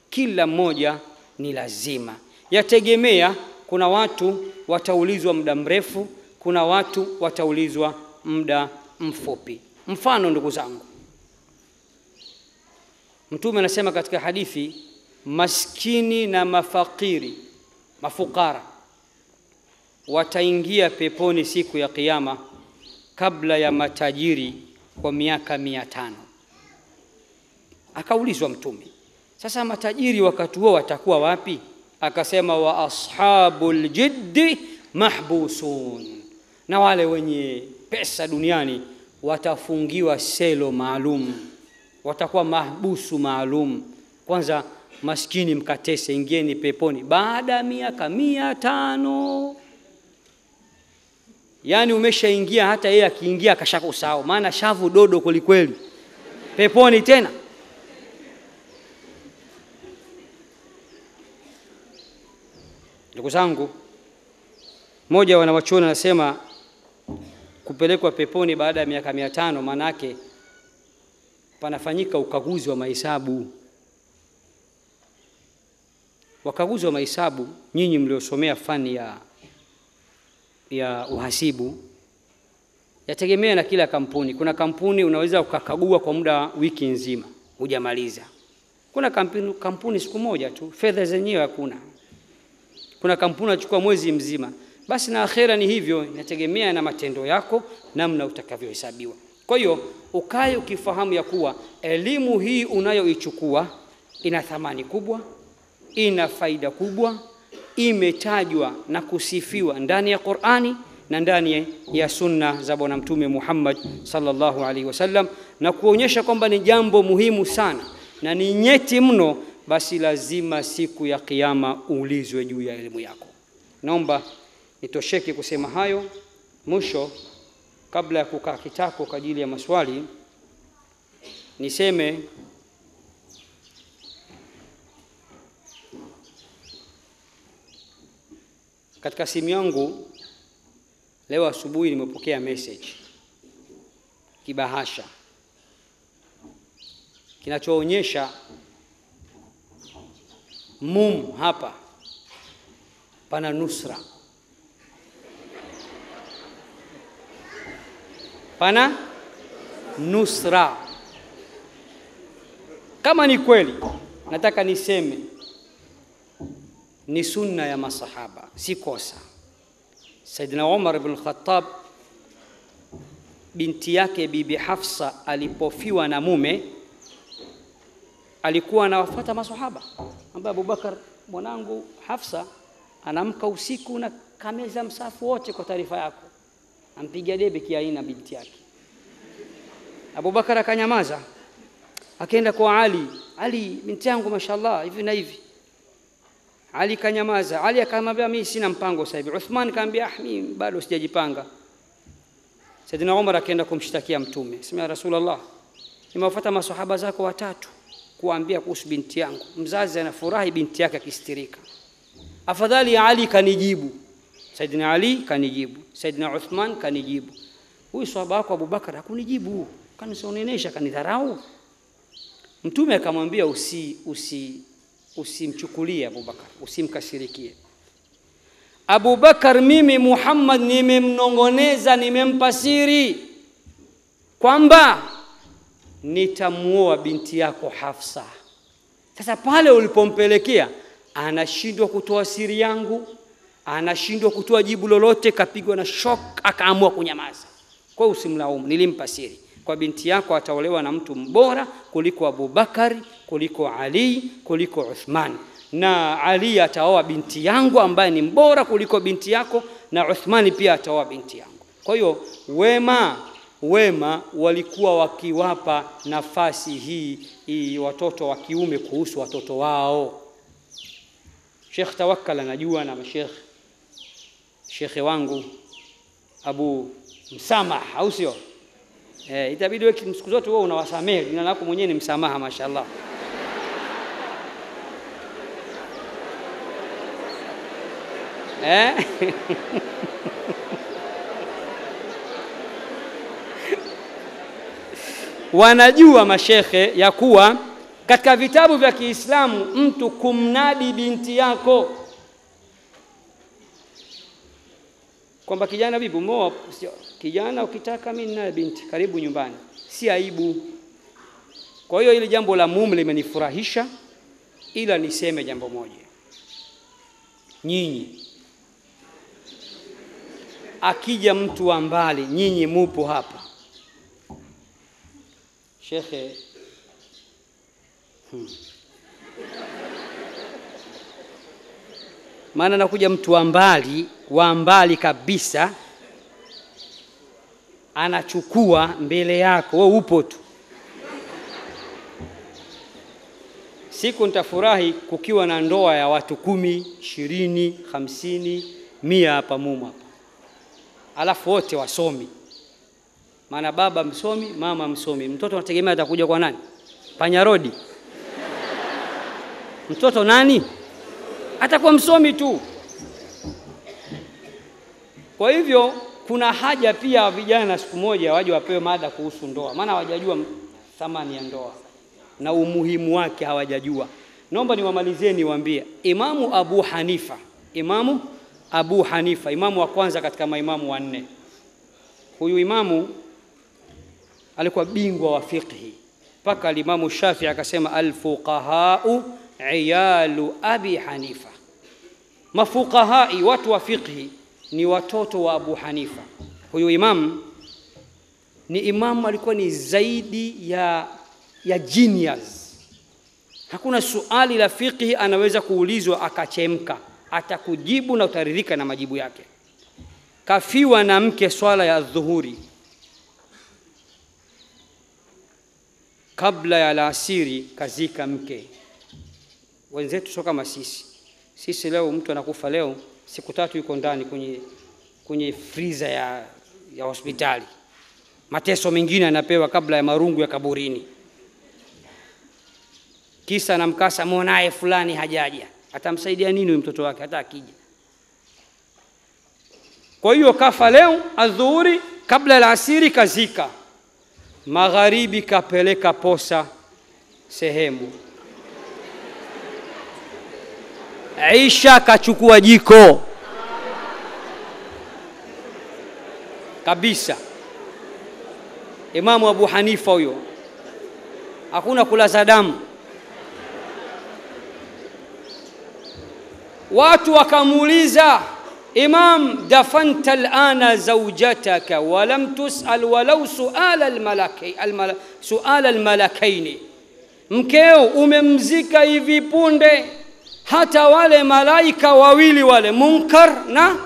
kila mmoja ni lazima, yategemea. Kuna watu wataulizwa muda mrefu, kuna watu wataulizwa muda mfupi. Mfano, ndugu zangu, Mtume anasema katika hadithi, maskini na mafakiri mafukara wataingia peponi siku ya Kiyama kabla ya matajiri kwa miaka mia tano. Akaulizwa Mtume, sasa matajiri wakati huo watakuwa wapi? Akasema, wa ashabul jiddi mahbusun, na wale wenye pesa duniani watafungiwa selo maalum, watakuwa mahbusu maalum. Kwanza maskini mkatese, ingieni peponi baada ya miaka mia tano yaani umeshaingia, hata yeye akiingia akashakusahau, maana shavu dodo kwelikweli, peponi tena. Ndugu zangu, mmoja wanawachuoni anasema kupelekwa peponi baada ya miaka mia tano maana yake panafanyika ukaguzi wa mahesabu. Wakaguzi wa mahesabu, nyinyi mliosomea fani ya ya uhasibu yategemea na kila kampuni. Kuna kampuni unaweza ukakagua kwa muda wiki nzima hujamaliza. Kuna kampuni, kampuni siku moja tu, fedha zenyewe hakuna. Kuna kampuni unachukua mwezi mzima. Basi na akhera ni hivyo, inategemea na matendo yako, namna utakavyohesabiwa. Kwa hiyo ukae ukifahamu ya kuwa elimu hii unayoichukua ina thamani kubwa, ina faida kubwa imetajwa na kusifiwa ndani ya Qur'ani na ndani ya sunna za Bwana Mtume Muhammad sallallahu alaihi wasallam, na kuonyesha kwamba ni jambo muhimu sana na ni nyeti mno, basi lazima siku ya Kiyama uulizwe juu ya elimu yako. Naomba nitosheke kusema hayo. Mwisho, kabla ya kukaa kitako kwa ajili ya maswali, niseme Katika simu yangu leo asubuhi nimepokea message kibahasha kinachoonyesha mum hapa pana nusra, pana nusra. Kama ni kweli, nataka niseme ni sunna ya masahaba, si kosa. Saidina Umar ibn Khattab binti yake Bibi Hafsa alipofiwa na mume alikuwa anawafuata masahaba, ambaye Abubakar mwanangu Hafsa anamka usiku na kameza msafu wote, kwa taarifa yako, ampiga debe kiaina binti yake. Abubakar akanyamaza, akaenda kwa Ali, Ali binti yangu, mashallah, hivi na hivi ali kanyamaza. Ali akamwambia mimi sina mpango sasa hivi. Uthman kaambia ah, mimi bado sijajipanga. Saidina Umar akaenda kumshtakia Mtume, sema ya Rasulullah, nimewafuata maswahaba zako watatu kuambia kuhusu binti yangu. Mzazi anafurahi binti yake akistirika. Afadhali ya Ali kanijibu. Saidina Ali kanijibu, Saidina Uthman kanijibu. Huyu swahaba wako Abubakar hakunijibu, kanisonenesha, kanidharau. Mtume akamwambia usi usi usimchukulie Abubakar, usimkasirikie Abubakar. Mimi Muhammad nimemnongoneza, nimempa siri kwamba nitamuoa binti yako Hafsa. Sasa pale ulipompelekea, anashindwa kutoa siri yangu, anashindwa kutoa jibu lolote, kapigwa na shock, akaamua kunyamaza. Kwa usimlaumu, nilimpa siri kwa binti yako ataolewa na mtu mbora kuliko Abubakari, kuliko Ali, kuliko Uthmani, na Ali ataoa binti yangu ambaye ni mbora kuliko binti yako, na Uthmani pia ataoa binti yangu. Kwa hiyo wema wema walikuwa wakiwapa nafasi hii, hii watoto wa kiume kuhusu watoto wao. Sheikh Tawakkal anajua na mashekh shekhe wangu Abu Msamaha, au sio? Eh, itabidi wewe siku zote wewe unawasamehe, jina lako mwenyewe ni msamaha, mashallah. Eh? Wanajua mashekhe ya kuwa katika vitabu vya Kiislamu mtu kumnadi binti yako kwamba kijana, vipi umeoa? kijana ukitaka mimi ninaye binti karibu nyumbani si aibu kwa hiyo ile jambo la mume limenifurahisha ila niseme jambo moja nyinyi akija mtu wa mbali nyinyi mupo hapa shekhe hmm. maana nakuja mtu wa mbali wa mbali kabisa anachukua mbele yako, wewe upo tu. Siku nitafurahi kukiwa na ndoa ya watu kumi, ishirini, hamsini, mia hapa mumu hapa, alafu wote wasomi, maana baba msomi, mama msomi. Mtoto anategemea atakuja kwa nani? Panyarodi mtoto nani? Atakuwa msomi tu. Kwa hivyo kuna haja pia vijana siku moja waje wapewe mada kuhusu ndoa, maana hawajajua thamani ya ndoa na umuhimu wake hawajajua. Naomba niwamalizie niwaambie, Imamu Abu Hanifa, Imamu Abu Hanifa, imamu wa kwanza katika maimamu wanne. Huyu imamu alikuwa bingwa wa fiqhi mpaka alimamu Shafii akasema alfuqahau iyalu abi Hanifa, mafuqahai, watu wa fiqhi ni watoto wa Abu Hanifa. Huyu imamu ni imamu alikuwa ni zaidi ya, ya genius. Hakuna suali la fiqhi anaweza kuulizwa akachemka, atakujibu na utaridhika na majibu yake. Kafiwa na mke swala ya dhuhuri kabla ya alasiri, kazika mke. Wenzetu sio kama sisi. Sisi leo mtu anakufa leo siku tatu yuko ndani kwenye, kwenye friza ya, ya hospitali. Mateso mengine anapewa kabla ya marungu ya kaburini, kisa na mkasa, mwanaye fulani hajaja. Atamsaidia nini huyu mtoto wake hata akija? Kwa hiyo kafa leo adhuhuri, kabla la asiri kazika, magharibi kapeleka posa sehemu Aisha kachukua jiko kabisa. Imamu Abu Hanifa huyo, hakuna kulaza damu. Watu wakamuuliza Imam, dafanta alana zaujataka walam tusal walau suala almalaki, suala almalakaini, mkeo umemzika hivi punde hata wale malaika wawili wale Munkar na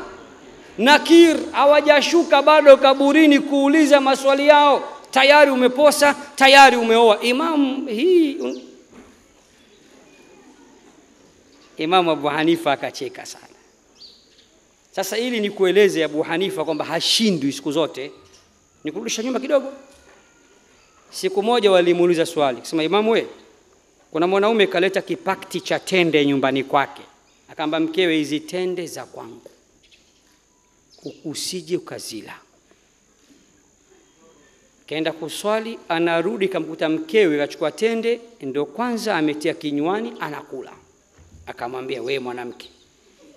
Nakir hawajashuka bado kaburini kuuliza maswali yao, tayari umeposa, tayari umeoa. Imam hii un... Imam Abu Hanifa akacheka sana. Sasa ili ni kueleze Abu Hanifa kwamba hashindwi siku zote. Nikurudisha nyuma kidogo. Siku moja walimuuliza swali, kusema Imamu wewe kuna mwanaume kaleta kipakti cha tende nyumbani kwake, akaamba mkewe, hizi tende za kwangu, usije ukazila. Kaenda kuswali, anarudi kamkuta mkewe kachukua tende, ndo kwanza ametia kinywani, anakula. Akamwambia, we mwanamke,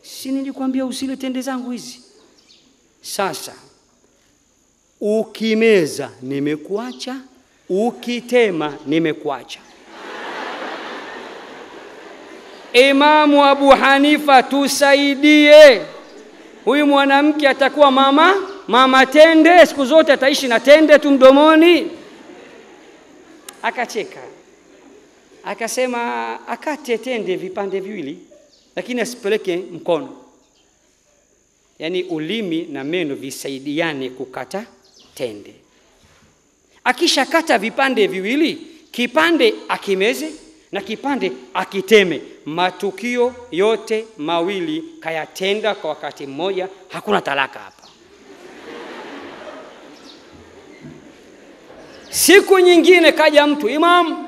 si nilikwambia usile tende zangu hizi? Sasa ukimeza nimekuacha, ukitema nimekuacha Imamu Abu Hanifa, tusaidie. Huyu mwanamke atakuwa mama mama tende, siku zote ataishi na tende tu mdomoni. Akacheka akasema, akate tende vipande viwili, lakini asipeleke mkono, yaani ulimi na meno visaidiane kukata tende. Akishakata vipande viwili, kipande akimeze na kipande akiteme. Matukio yote mawili kayatenda kwa wakati mmoja, hakuna talaka hapa. Siku nyingine kaja mtu, Imam,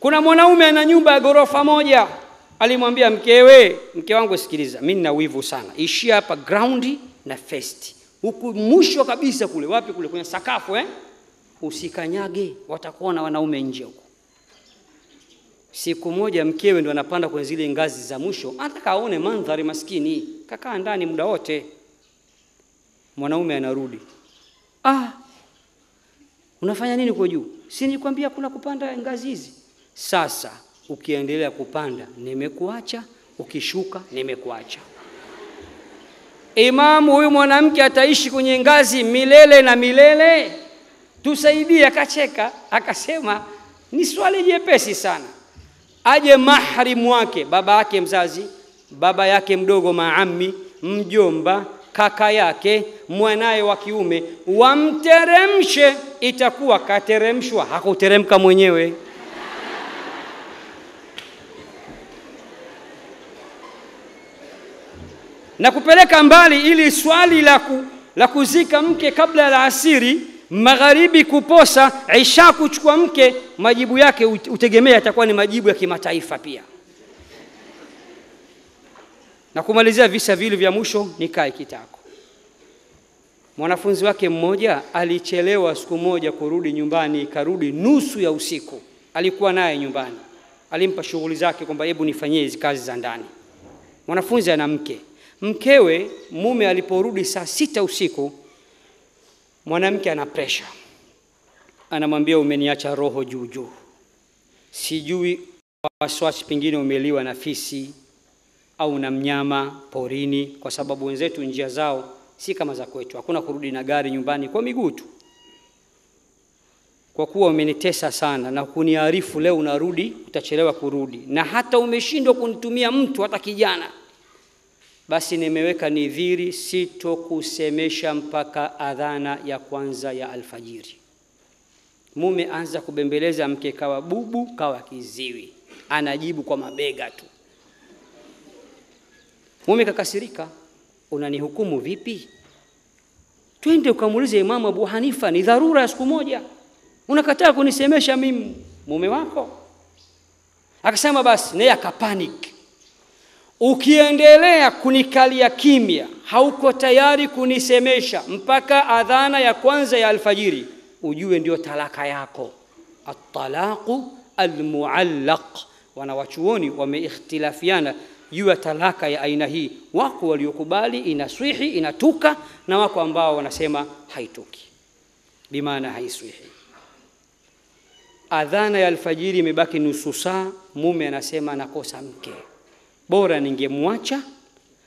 kuna mwanaume ana nyumba ya ghorofa moja. Alimwambia mkewe, mke wangu, sikiliza, mi nina wivu sana, ishia hapa ground na fest huku mwisho kabisa kule, wapi kule, kwenye sakafu eh? Usikanyage, watakuona wanaume nje huko. Siku moja mkewe ndo anapanda kwenye zile ngazi za mwisho, anataka aone mandhari, maskini kakaa ndani muda wote. Mwanaume anarudi, ah, unafanya nini kwa juu? Si nilikwambia kuna kupanda ngazi hizi? Sasa ukiendelea kupanda nimekuacha, ukishuka nimekuacha. Imamu, huyu mwanamke ataishi kwenye ngazi milele na milele, tusaidie. Akacheka akasema ni swali jepesi sana aje mahrimu wake, baba yake mzazi, baba yake mdogo, maami, mjomba, kaka yake, mwanaye wa kiume, wamteremshe, itakuwa kateremshwa, hakuteremka mwenyewe. na kupeleka mbali ili swali la, ku, la kuzika mke kabla la asiri magharibi kuposa, isha kuchukua mke, majibu yake utegemea yatakuwa ni majibu ya kimataifa pia. Na kumalizia visa vile vya mwisho, nikae kitako. Mwanafunzi wake mmoja alichelewa siku moja kurudi nyumbani, karudi nusu ya usiku. Alikuwa naye nyumbani, alimpa shughuli zake kwamba hebu nifanyie hizi kazi za ndani. Mwanafunzi ana mke, mkewe mume aliporudi saa sita usiku Mwanamke ana presha, anamwambia umeniacha roho juu juu, sijui waswasi, pengine umeliwa na fisi au na mnyama porini, kwa sababu wenzetu njia zao si kama za kwetu, hakuna kurudi na gari nyumbani kwa miguu tu. Kwa kuwa umenitesa sana na kuniarifu, leo unarudi, utachelewa kurudi, na hata umeshindwa kunitumia mtu hata kijana basi nimeweka nidhiri sitokusemesha mpaka adhana ya kwanza ya alfajiri. Mume anza kubembeleza mke, kawa bubu, kawa kiziwi, anajibu kwa mabega tu. Mume kakasirika, unanihukumu vipi? Twende ukamuulize Imamu Abu Hanifa, ni dharura ya siku moja, unakataa kunisemesha mimi mume wako? Akasema basi, naye akapanic Ukiendelea kunikalia kimya, hauko tayari kunisemesha mpaka adhana ya kwanza ya alfajiri, ujue ndio talaka yako. Atalaqu almuallaq, wanawachuoni wameikhtilafiana juu ya talaka ya aina hii. Wako waliokubali inaswihi, inatuka, na wako ambao wanasema haituki, bimaana haiswihi. Adhana ya alfajiri imebaki nusu saa, mume anasema nakosa mke bora ningemwacha,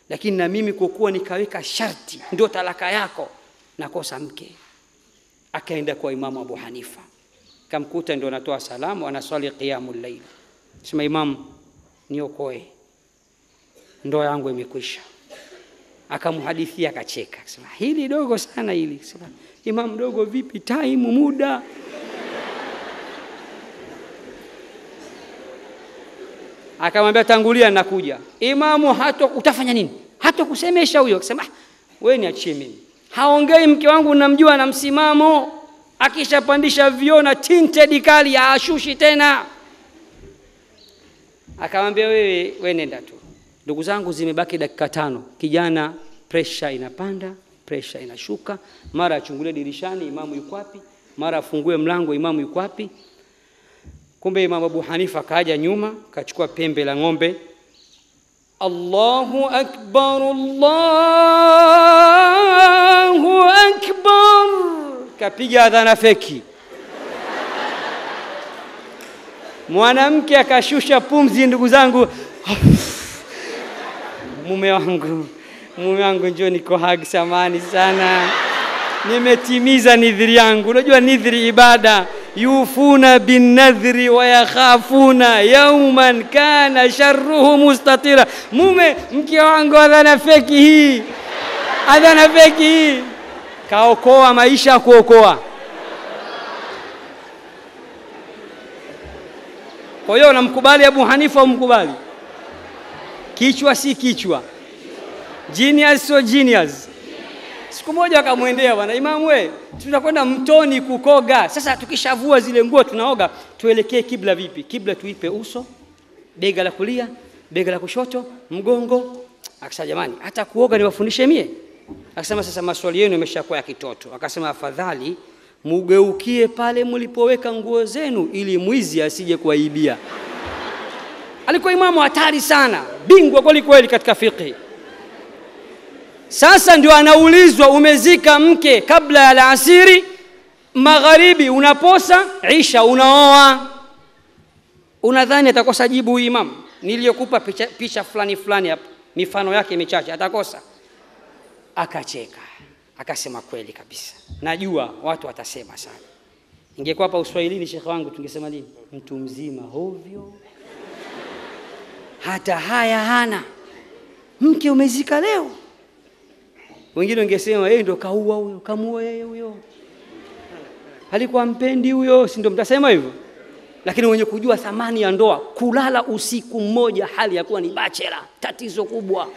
lakini na mimi kwa kuwa nikaweka sharti ndio talaka yako, nakosa mke. Akaenda kwa Imamu Abu Hanifa, kamkuta ndio anatoa salamu, anaswali qiyamu layl, sema Imamu, niokoe, ndoa yangu imekwisha. Akamhadithia, akacheka, akasema hili dogo sana hili. Sema Imamu, dogo vipi? Time, muda akamwambia tangulia nakuja. Imamu hato utafanya nini? Hata kusemesha huyo akasema ah, wewe niachie mimi. Haongei mke wangu namjua na msimamo. Akishapandisha vio na tinted kali ya ashushi tena. Akamwambia wewe we nenda tu. Ndugu zangu zimebaki dakika tano. Kijana pressure inapanda, pressure inashuka. Mara achungulie dirishani imamu yuko wapi? Mara afungue mlango imamu yuko wapi? Kumbe Imam Abu Hanifa kaja nyuma, kachukua pembe la ng'ombe. Allahu akbar, Allahu akbar, kapiga adhana feki. Mwanamke akashusha pumzi, ndugu zangu, mume wangu, mume wangu, njoo niko hagi, samani sana nimetimiza nidhiri yangu. Unajua nidhiri ibada, yufuna binnadhri wa yakhafuna yauman kana sharruhu mustatira. Mume, mke wangu adhana feki hii, adhana feki hii kaokoa maisha, kuokoa Kwa hiyo unamkubali Abu Hanifa umkubali? Kichwa si kichwa, genius sio genius. Siku moja akamwendea bwana imamu, we tunakwenda mtoni kukoga. Sasa tukishavua zile nguo tunaoga, tuelekee kibla vipi? Kibla tuipe uso, bega la kulia, bega la kushoto, mgongo. Akasema jamani, hata kuoga niwafundishe mie? Akasema sasa maswali yenu yameshakuwa ya kitoto. Akasema afadhali mugeukie pale mlipoweka nguo zenu, ili mwizi asije kuwaibia. Alikuwa imamu hatari sana, bingwa kweli kweli katika fikhi sasa ndio anaulizwa, umezika mke kabla ya alasiri, magharibi unaposa, isha unaoa. Unadhani atakosa jibu huyu imamu? Niliyokupa picha, picha fulani fulani hapa, mifano yake michache, atakosa? Akacheka akasema, kweli kabisa, najua watu watasema sana. Ingekuwa hapa Uswahilini, shekhe wangu, tungesema nini? Mtu mzima hovyo, hata haya hana mke, umezika leo wengine wangesema yeye eh, ndo kaua huyo, kamuua yeye huyo, alikuwa mpendi huyo, si ndio? Mtasema hivyo, lakini wenye kujua thamani ya ndoa, kulala usiku mmoja hali ya kuwa ni bachela, tatizo kubwa.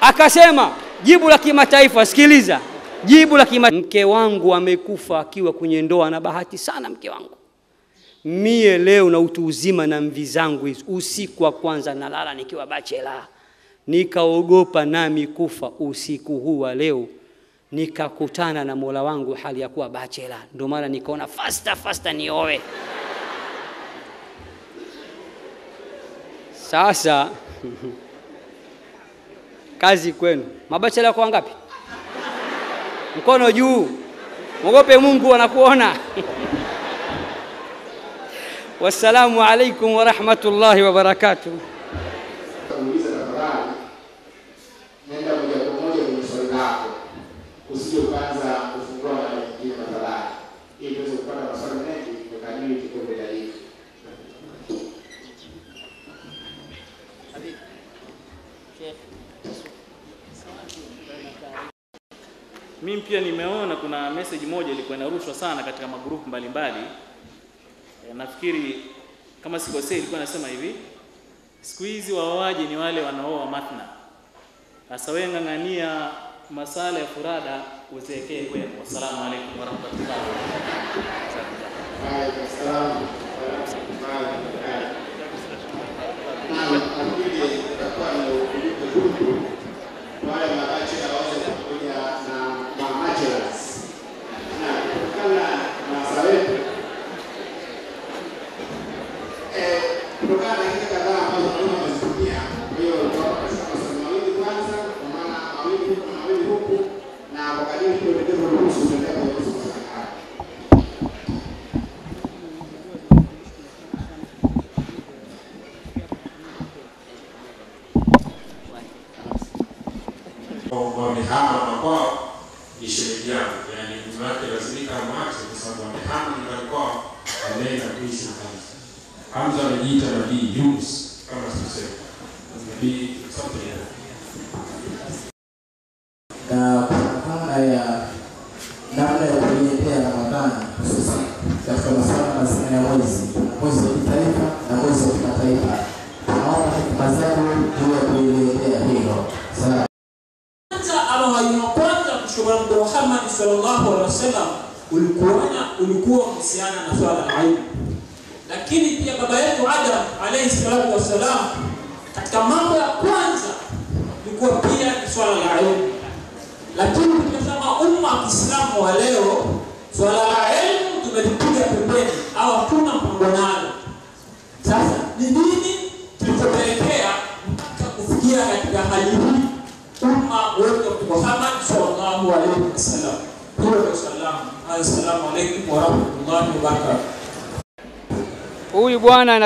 Akasema jibu la kimataifa, sikiliza jibu la kima, mke wangu amekufa akiwa kwenye ndoa, na bahati sana mke wangu mie leo na utu uzima na mvi zangu hizi usiku wa kwanza nalala nikiwa bachela nikaogopa nami kufa usiku huu wa leo, nikakutana na Mola wangu hali ya kuwa bachela, ndio maana nikaona fasta fasta nioe. Sasa kazi kwenu. Mabachela kwa ngapi? Mkono juu, mwogope Mungu anakuona. Wassalamu alaikum warahmatullahi wabarakatuh. nenda moja kwa moja kwenye swali lako, usije ukaanza kufungua mara nyingine madharani, ili tuweze kupata maswali mengi tukadiri kikombe cha hiki. Mimi pia nimeona kuna message moja ilikuwa inarushwa sana katika magrupu mbalimbali. E, nafikiri kama sikosei ilikuwa nasema hivi, siku hizi waoaji ni wale wanaoa matna sasa wewe ng'ang'ania masala ya furada uziwekee kwenu. Wassalamu alaikum warahmatullahi wabarakatuh.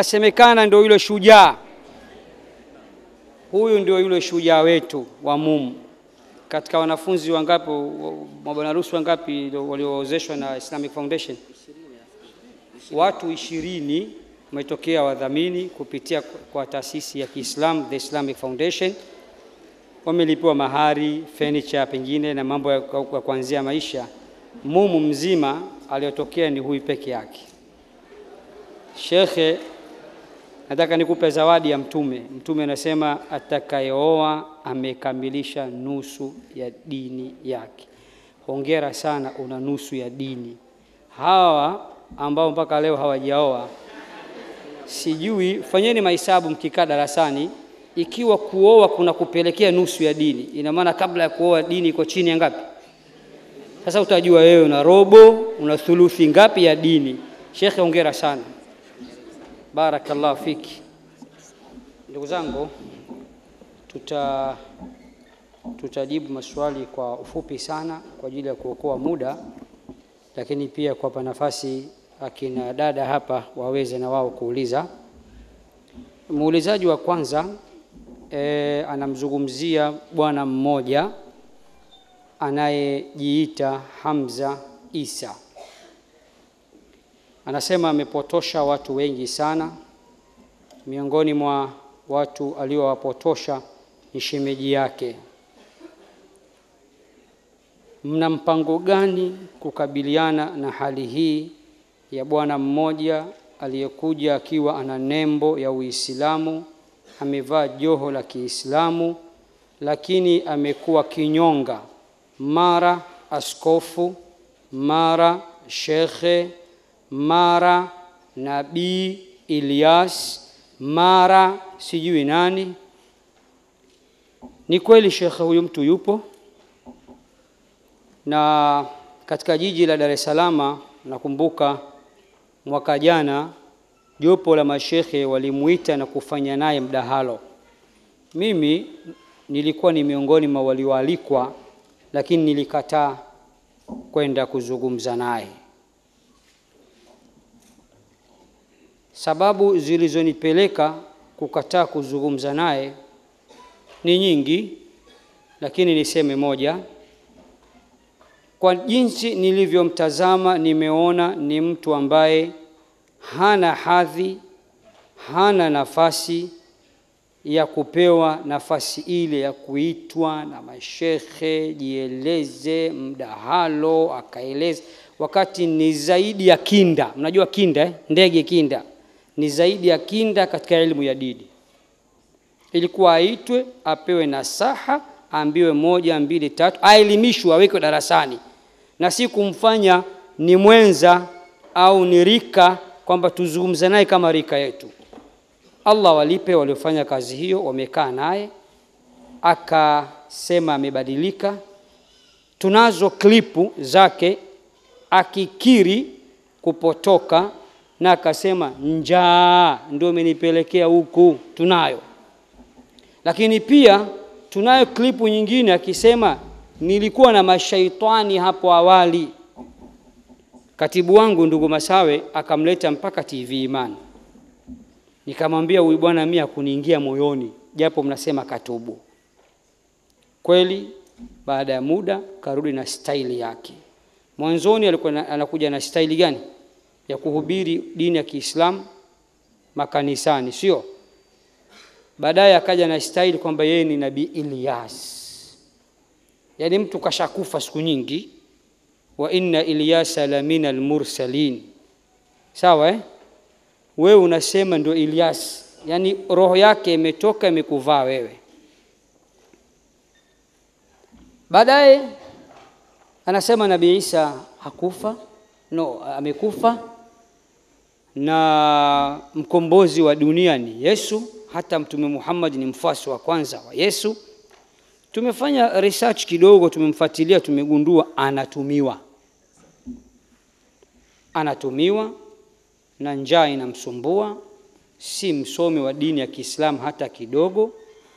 inasemekana ndio yule shujaa. Huyu ndio yule shujaa wetu wa mum Katika wanafunzi wangapi, mabwanaharusi wangapi walioozeshwa na Islamic Foundation? Watu ishirini wametokea wadhamini kupitia kwa taasisi ya Kiislamu The Islamic Foundation, wamelipiwa mahari, furniture pengine na mambo ya kuanzia maisha. Mumu mzima aliyotokea ni huyu peke yake shekhe nataka nikupe zawadi ya Mtume. Mtume anasema atakayeoa amekamilisha nusu ya dini yake. Hongera sana, una nusu ya dini. Hawa ambao mpaka leo hawajaoa, sijui, fanyeni mahesabu mkikaa darasani, ikiwa kuoa kuna kupelekea nusu ya dini, ina maana kabla ya kuoa dini iko chini ya ngapi? Sasa utajua wewe una robo, una thuluthi ngapi ya dini. Shekhe, hongera sana. Barakallahu fiki. Ndugu zangu, tuta tutajibu maswali kwa ufupi sana kwa ajili ya kuokoa muda, lakini pia kuwapa nafasi akina dada hapa waweze na wao kuuliza. Muulizaji wa kwanza e, anamzungumzia bwana mmoja anayejiita Hamza Isa anasema amepotosha watu wengi sana. Miongoni mwa watu aliowapotosha ni shemeji yake. Mna mpango gani kukabiliana na hali hii ya bwana mmoja aliyekuja akiwa ana nembo ya Uislamu, amevaa joho la Kiislamu, lakini amekuwa kinyonga, mara askofu, mara shekhe mara nabii ilias mara sijui nani. Ni kweli shekhe, huyu mtu yupo, na katika jiji la Dar es Salaam nakumbuka mwaka jana jopo la mashekhe walimuita na kufanya naye mdahalo. Mimi nilikuwa ni miongoni mwa walioalikwa, lakini nilikataa kwenda kuzungumza naye. Sababu zilizonipeleka kukataa kuzungumza naye ni nyingi, lakini niseme moja. Kwa jinsi nilivyomtazama, nimeona ni mtu ambaye hana hadhi, hana nafasi ya kupewa nafasi ile ya kuitwa na mashekhe, jieleze, mdahalo, akaeleza, wakati ni zaidi ya kinda. Mnajua kinda eh? Ndege kinda ni zaidi ya kinda katika elimu ya dini. Ilikuwa aitwe, apewe nasaha, ambiwe moja, mbili, tatu, aelimishwe, awekwe darasani, na si kumfanya ni mwenza au ni rika, kwamba tuzungumze naye kama rika yetu. Allah walipe waliofanya kazi hiyo, wamekaa naye akasema amebadilika. Tunazo klipu zake akikiri kupotoka na akasema njaa ndio imenipelekea huku tunayo lakini pia tunayo klipu nyingine akisema nilikuwa na mashaitani hapo awali katibu wangu ndugu masawe akamleta mpaka tv imani nikamwambia huyu bwana mi akuniingia moyoni japo mnasema katubu kweli baada ya muda karudi na staili yake mwanzoni alikuwa anakuja na staili gani ya kuhubiri dini ya Kiislamu makanisani, sio? Baadaye akaja na staili kwamba yeye ni Nabii Ilyas, yaani mtu kashakufa siku nyingi. Wa inna Ilyasa minal mursalin, sawa eh? Wewe unasema ndio Ilyas, yaani roho yake imetoka imekuvaa wewe. Baadaye anasema Nabii Isa hakufa, no, amekufa na mkombozi wa dunia ni Yesu. Hata Mtume Muhammad ni mfasi wa kwanza wa Yesu. Tumefanya research kidogo, tumemfuatilia, tumegundua anatumiwa, anatumiwa na njaa inamsumbua, si msomi wa dini ya Kiislamu hata kidogo,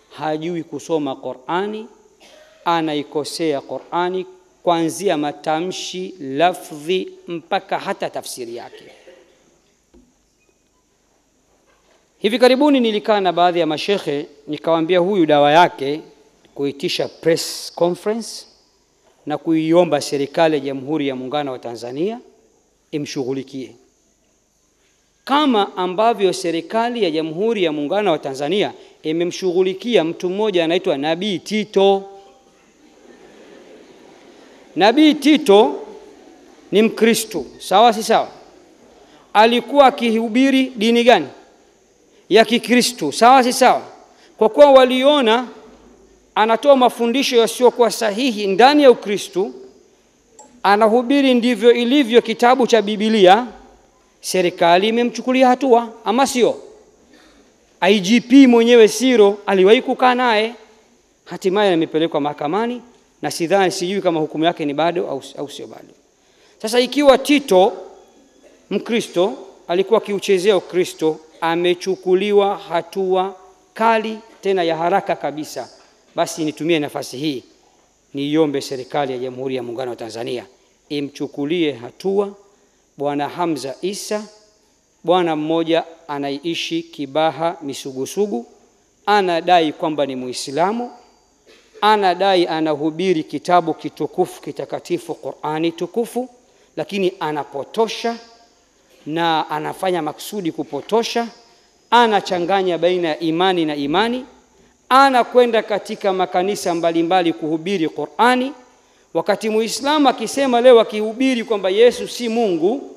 hajui kusoma Qur'ani, anaikosea Qur'ani kuanzia matamshi, lafdhi mpaka hata tafsiri yake. Hivi karibuni nilikaa na baadhi ya mashehe nikawaambia huyu dawa yake kuitisha press conference na kuiomba serikali ya Jamhuri ya Muungano wa Tanzania imshughulikie kama ambavyo serikali ya Jamhuri ya Muungano wa Tanzania imemshughulikia mtu mmoja anaitwa Nabii Tito. Nabii Tito ni Mkristo, sawa si sawa? Alikuwa akihubiri dini gani? ya Kikristo. Sawa si sawa? Kwa kuwa waliona anatoa mafundisho yasiyokuwa sahihi ndani ya Ukristo, anahubiri ndivyo ilivyo kitabu cha Biblia, serikali imemchukulia hatua, ama sio? IGP mwenyewe Siro aliwahi kukaa naye, hatimaye amepelekwa mahakamani na sidhani, sijui kama hukumu yake ni bado au, au sio bado. Sasa ikiwa Tito Mkristo alikuwa akiuchezea Ukristo amechukuliwa hatua kali tena ya haraka kabisa. Basi nitumie nafasi hii niiombe serikali ya Jamhuri ya Muungano wa Tanzania imchukulie hatua Bwana Hamza Isa, bwana mmoja anaishi Kibaha Misugusugu, anadai kwamba ni Muislamu, anadai anahubiri kitabu kitukufu kitakatifu Qur'ani tukufu, lakini anapotosha na anafanya maksudi kupotosha, anachanganya baina ya imani na imani, anakwenda katika makanisa mbalimbali mbali kuhubiri Qur'ani. Wakati Muislamu akisema leo akihubiri kwamba Yesu si Mungu,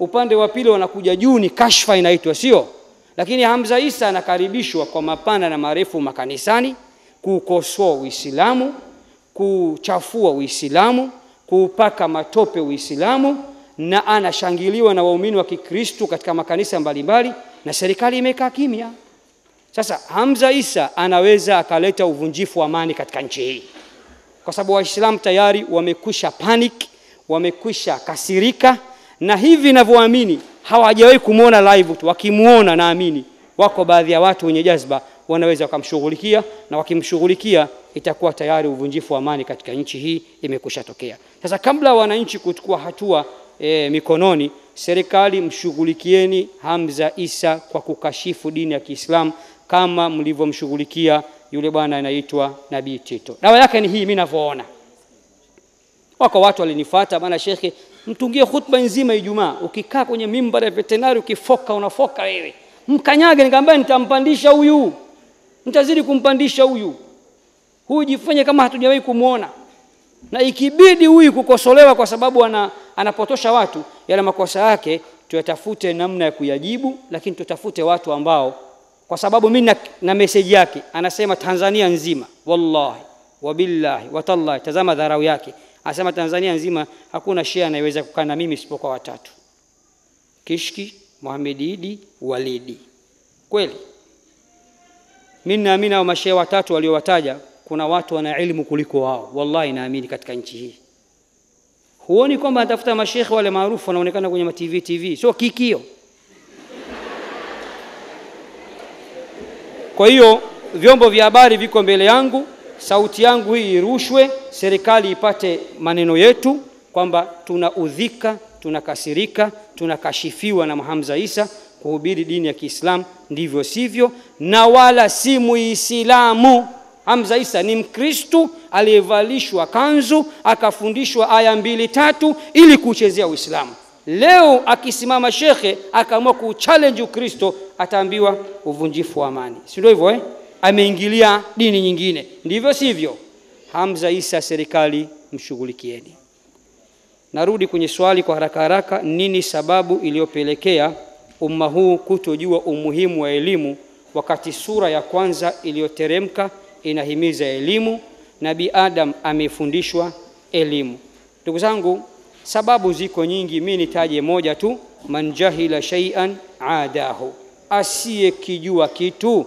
upande wa pili wanakuja juu, ni kashfa inaitwa, sio? Lakini Hamza Isa anakaribishwa kwa mapana na marefu makanisani kuukosoa Uislamu, kuchafua Uislamu, kuupaka matope Uislamu na anashangiliwa na waumini wa Kikristo katika makanisa mbalimbali na serikali imekaa kimya. Sasa Hamza Isa anaweza akaleta uvunjifu wa amani katika nchi hii, kwa sababu Waislamu tayari wamekwisha panic, wamekwisha kasirika, na hivi ninavyoamini hawajawahi kumwona live tu. Wakimwona naamini wako baadhi ya watu wenye jazba wanaweza wakamshughulikia, na wakimshughulikia itakuwa tayari uvunjifu wa amani katika nchi hii imekwisha tokea. Sasa kabla wananchi kuchukua hatua e, mikononi, serikali mshughulikieni Hamza Isa kwa kukashifu dini ya Kiislamu kama mlivyomshughulikia yule bwana anaitwa Nabii Tito. Dawa yake ni hii, mimi ninavyoona. Wako watu walinifuata, bwana shekhe, mtungie hutuba nzima Ijumaa, ukikaa kwenye mimbar ya veterinari ukifoka, unafoka wewe, mkanyage. Nikamwambia nitampandisha huyu, nitazidi kumpandisha huyu, huyu jifanye kama hatujawahi kumwona na ikibidi huyu kukosolewa kwa sababu ana, anapotosha watu yale makosa yake tuyatafute namna ya kuyajibu lakini tutafute watu ambao kwa sababu mi na, na meseji yake anasema tanzania nzima wallahi wabillahi watallahi tazama dharau yake anasema tanzania nzima hakuna shia anayeweza kukaa na mimi isipokuwa watatu kishki mohamed idi walidi kweli mimi naamini hao mashia watatu waliowataja kuna watu wana elimu kuliko wao, wallahi naamini katika nchi hii. Huoni kwamba anatafuta mashekhe wale maarufu wanaonekana kwenye matv TV, sio kikio. Kwa hiyo vyombo vya habari viko mbele yangu, sauti yangu hii irushwe, serikali ipate maneno yetu kwamba tunaudhika, tunakasirika, tunakashifiwa na mhamza Isa kuhubiri dini ya Kiislamu, ndivyo sivyo, na wala si Muislamu. Hamza Isa ni Mkristu aliyevalishwa kanzu akafundishwa aya mbili tatu ili kuchezea Uislamu. Leo akisimama shekhe akaamua kuchallenge Ukristo ataambiwa uvunjifu wa amani, si ndio hivyo eh? Ameingilia dini nyingine, ndivyo sivyo? Hamza Isa, serikali mshughulikieni. Narudi kwenye swali kwa haraka haraka, nini sababu iliyopelekea umma huu kutojua umuhimu wa elimu wakati sura ya kwanza iliyoteremka inahimiza elimu na biadam amefundishwa elimu. Ndugu zangu, sababu ziko nyingi, mi nitaje moja tu, man jahila shay'an adahu, asiyekijua kitu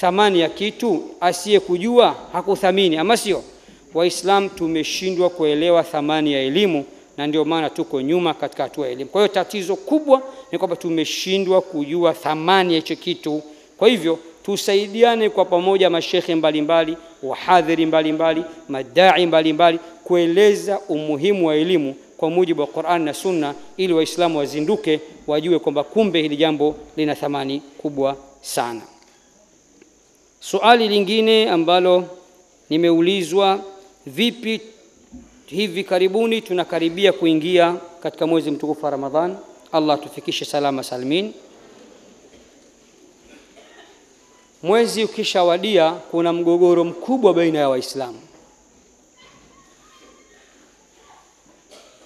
thamani ya kitu, asiyekujua hakuthamini, ama sio? Waislam tumeshindwa kuelewa thamani ya elimu na ndio maana tuko nyuma katika hatua ya elimu. Kwa hiyo tatizo kubwa ni kwamba tumeshindwa kujua thamani ya hicho kitu, kwa hivyo tusaidiane kwa pamoja, mashekhe mbalimbali, wahadhiri mbalimbali, madai mbalimbali, kueleza umuhimu wa elimu kwa mujibu wa Qur'an na Sunna, ili Waislamu wazinduke, wajue kwamba kumbe hili jambo lina thamani kubwa sana. Suali lingine ambalo nimeulizwa, vipi hivi karibuni tunakaribia kuingia katika mwezi mtukufu wa Ramadhan, Allah tufikishe salama salimin. Mwezi ukishawadia, kuna mgogoro mkubwa baina ya Waislamu.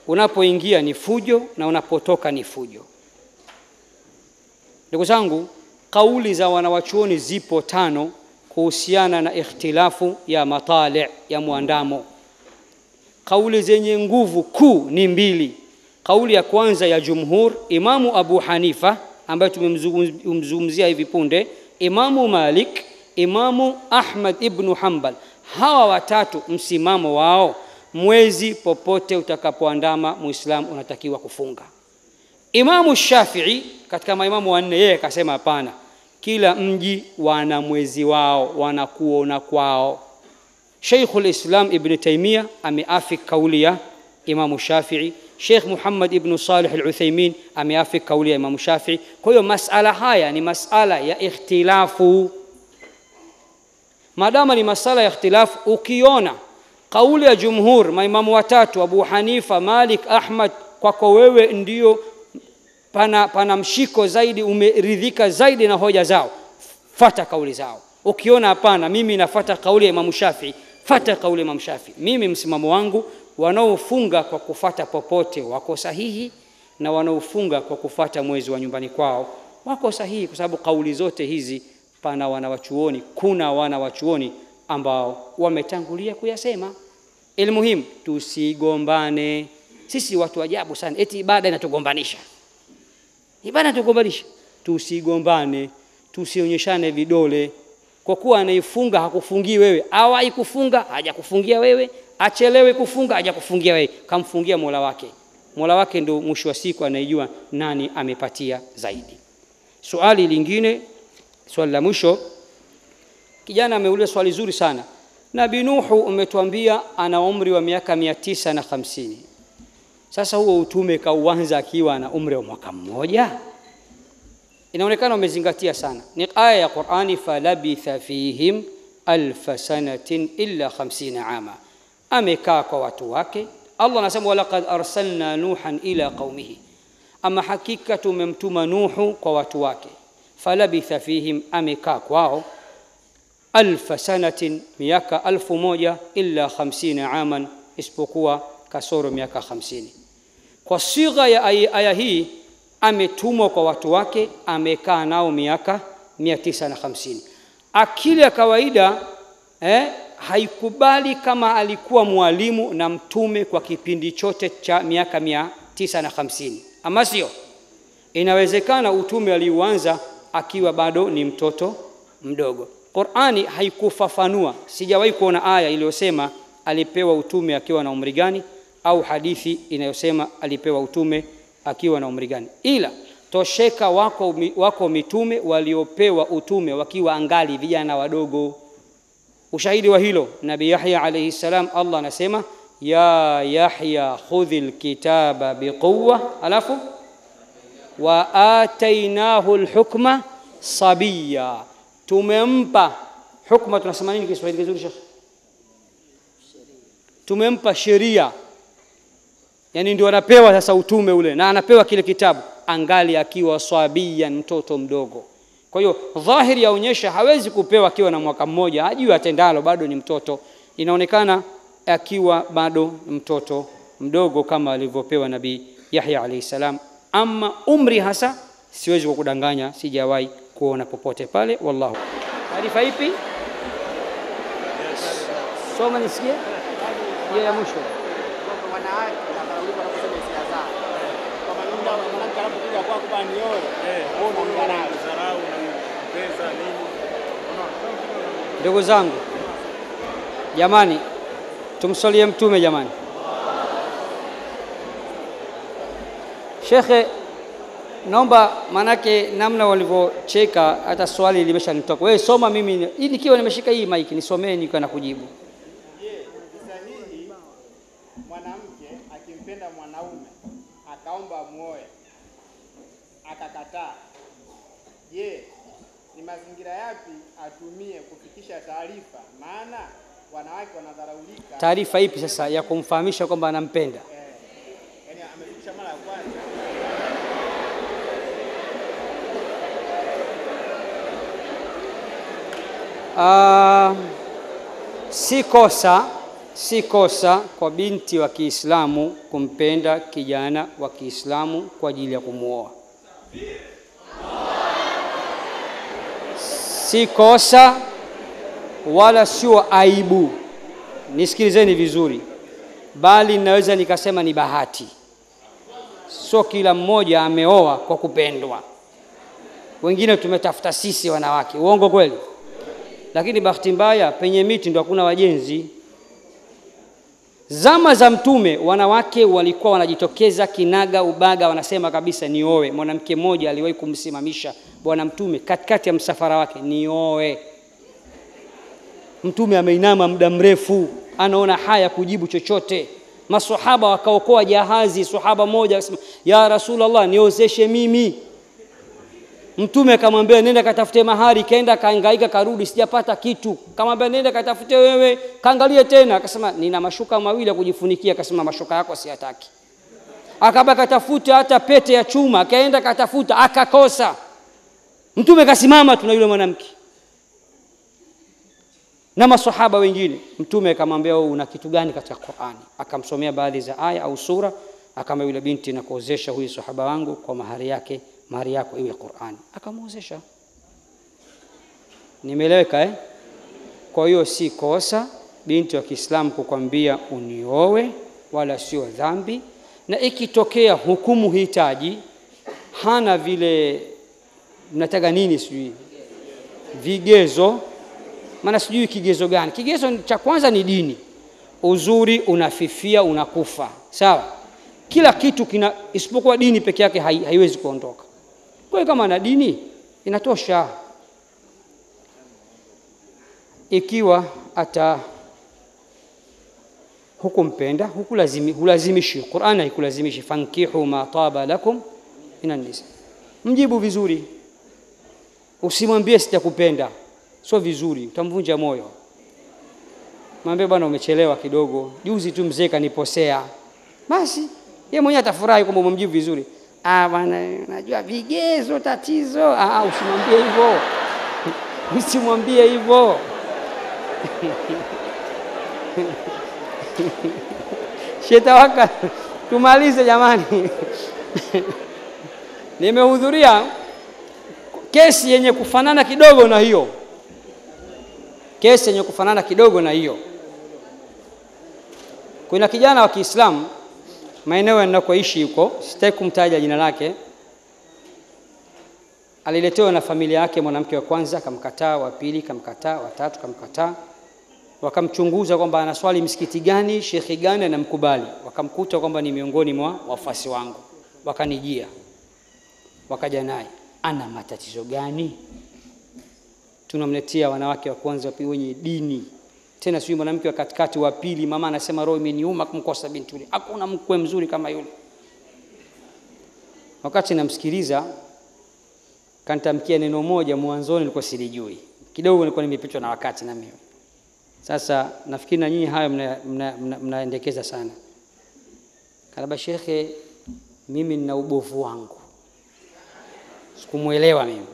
Unapoingia ni fujo na unapotoka ni fujo. Ndugu zangu, kauli za wanawachuoni zipo tano kuhusiana na ikhtilafu ya matali ya mwandamo. Kauli zenye nguvu kuu ni mbili. Kauli ya kwanza ya jumhur, Imamu Abu Hanifa ambaye tumemzungumzia hivi punde Imamu Malik, Imamu Ahmad ibnu Hanbal, hawa watatu msimamo wao, mwezi popote utakapoandama Muislamu unatakiwa kufunga. Imamu Shafii katika maimamu wanne, yeye akasema hapana, kila mji wana mwezi wao, wanakuona kwao. Sheikhul Islam Ibn Taymiyyah ameafiki kauli ya Imamu Shafii, Sheikh Muhammad ibn Salih al-Uthaymeen ameafi kauli ya Imamu Shafii. Kwa hiyo masala haya ni masala ya ikhtilafu. Madama ni masala ya ikhtilafu, ukiona kauli ya jumhur maimamu watatu Abu Hanifa, Malik, Ahmad, kwako wewe ndio pana, pana mshiko zaidi, umeridhika zaidi na hoja zao, fata kauli zao. Ukiona hapana, mimi nafata kauli ya Imamu Shafii, fata kauli ya Imamu Shafii. Mimi msimamo wangu wanaofunga kwa kufata popote wako sahihi na wanaofunga kwa kufata mwezi wa nyumbani kwao wako sahihi, kwa sababu kauli zote hizi pana wanawachuoni, kuna wanawachuoni ambao wametangulia kuyasema. Ilmuhimu, tusigombane. Sisi watu ajabu sana, eti ibada inatugombanisha, ibada inatugombanisha. Tusigombane, tusionyeshane vidole, kwa kuwa anaifunga hakufungii wewe, awai kufunga hajakufungia wewe, achelewe kufunga aja kufungia wewe kamfungia mola wake mola wake ndio mwisho wa siku anayejua nani amepatia zaidi swali lingine swali la mwisho kijana ameuliza swali zuri sana nabi nuhu umetuambia ana umri wa miaka mia tisa na hamsini sasa huo utume kauanza akiwa na umri wa mwaka mmoja inaonekana umezingatia sana ni aya ya qurani falabitha fihim alfa sanatin illa 50 ama amekaa kwa watu wake allah anasema walaqad arsalna nuhan ila qaumihi ama hakika tumemtuma nuhu kwa watu wake falabitha fihim amekaa kwao alfa sanatin miaka alfu moja illa hamsina aman isipokuwa kasoro miaka hamsini kwa sigha ya aya hii ametumwa kwa watu wake amekaa nao miaka mia tisa na hamsini akili ya kawaida eh, haikubali kama alikuwa mwalimu na mtume kwa kipindi chote cha miaka mia tisa na hamsini ama sio inawezekana utume aliuanza akiwa bado ni mtoto mdogo qurani haikufafanua sijawahi kuona aya iliyosema alipewa utume akiwa na umri gani au hadithi inayosema alipewa utume akiwa na umri gani ila tosheka wako, wako mitume waliopewa utume wakiwa angali vijana wadogo Ushahidi wa hilo nabi Yahya alayhi salam, Allah anasema ya Yahya khudhi lkitaba biquwa, alafu wa ataynahu lhukma sabiya, tumempa hukma. Tunasema nini Kiswahili kizuri shekh Tumempa sheria, yani ndio anapewa sasa utume ule, na anapewa kile kitabu angali akiwa sabiyan, mtoto mdogo kwa hiyo dhahiri yaonyesha hawezi kupewa akiwa na mwaka mmoja, hajui atendalo, bado ni mtoto. Inaonekana akiwa bado mtoto mdogo kama alivyopewa Nabii Yahya alayhi salam. Ama umri hasa siwezi kukudanganya, sijawahi kuona popote pale, wallahu. Taarifa ipi? Yes. Soma nisikie hiyo ya mwisho. Wanawake wanakuja kwako, kwa yoyo Ndugu zangu, jamani, tumsalie Mtume jamani. Shekhe, naomba manake, namna walivyocheka, hata swali limeshanitoka. Wewe soma, mimi nikiwa nimeshika hii mike nisomee, niko na kujibu. sahihi mwanamke akimpenda mwanaume akaomba muoe akakataa? Je, mazingira yapi atumie kufikisha taarifa, maana wanawake wanadharaulika. Taarifa ipi sasa ya kumfahamisha kwamba anampenda? Eh, Uh, si kosa si kosa kwa binti wa Kiislamu kumpenda kijana wa Kiislamu kwa ajili ya kumwoa. si kosa wala sio aibu, nisikilizeni vizuri, bali ninaweza nikasema ni bahati. Sio kila mmoja ameoa kwa kupendwa, wengine tumetafuta sisi wanawake. Uongo kweli? Lakini bahati mbaya, penye miti ndo hakuna wajenzi. Zama za Mtume wanawake walikuwa wanajitokeza kinaga ubaga, wanasema kabisa nioe. Mwanamke mmoja aliwahi kumsimamisha Bwana Mtume katikati ya msafara wake, nioe. Mtume ameinama muda mrefu, anaona haya kujibu chochote. Masahaba wakaokoa jahazi, sahaba moja akasema, ya Rasulullah, niozeshe mimi mtume akamwambia nenda katafute mahari kaenda kaangaika karudi sijapata kitu kamwambia nenda katafute wewe kaangalie tena akasema nina mashuka mawili ya kujifunikia akasema mashuka yako siyataki akaba katafuta hata pete ya chuma kaenda katafuta akakosa mtume kasimama tuna yule mwanamke na masahaba wengine mtume akamwambia wewe oh, una kitu gani katika qurani akamsomea baadhi za aya au sura akamwambia yule binti nakuozesha huyu sahaba wangu kwa mahari yake mahari yako iwe Qur'an. Akamwozesha. Nimeeleweka eh? Kwa hiyo si kosa binti wa Kiislamu kukwambia uniowe, wala sio dhambi, na ikitokea hukumu hitaji hana vile mnataka nini, sijui vigezo, maana sijui kigezo gani. Kigezo cha kwanza ni dini, uzuri unafifia, unakufa, sawa. Kila kitu kina isipokuwa dini peke yake hai, haiwezi kuondoka hiyo kama na dini inatosha, ikiwa ata hukumpenda hulazimishi. Qur'an haikulazimishi fankihu ma taba lakum minan nisa. Mjibu vizuri, usimwambie sitakupenda, sio vizuri, utamvunja moyo. Mwambie bwana, umechelewa kidogo, juzi tu mzee kaniposea. Basi yeye mwenyewe atafurahi kwamba umemjibu vizuri. Ah bwana, najua vigezo tatizo. Ah, ah usimwambie hivyo, usimwambie hivyo shetawaka. Tumalize jamani. Nimehudhuria kesi yenye kufanana kidogo na hiyo, kesi yenye kufanana kidogo na hiyo. Kuna kijana wa Kiislamu maeneo yanakoishi huko, sitaki kumtaja jina lake, aliletewa na familia yake mwanamke wa kwanza, akamkataa, wa pili kamkataa, wa tatu kamkataa. Wakamchunguza kwamba anaswali msikiti gani, shekhi gani anamkubali, wakamkuta kwamba ni miongoni mwa wafuasi wangu. Wakanijia, wakaja naye, ana matatizo gani? Tunamletea wanawake wa kwanza wenye dini tena sijui mwanamke wa katikati wa pili, mama anasema roho imeniuma kumkosa binti yule, hakuna mkwe mzuri kama yule. Wakati namsikiliza kanitamkia neno moja, mwanzoni nilikuwa silijui kidogo, nilikuwa nimepitwa na wakati na mimi. Sasa nafikiri na nyinyi hayo mnaendekeza mna, mna, mna sana. Kalaba shekhe, mimi nina ubovu wangu, sikumwelewa mimi,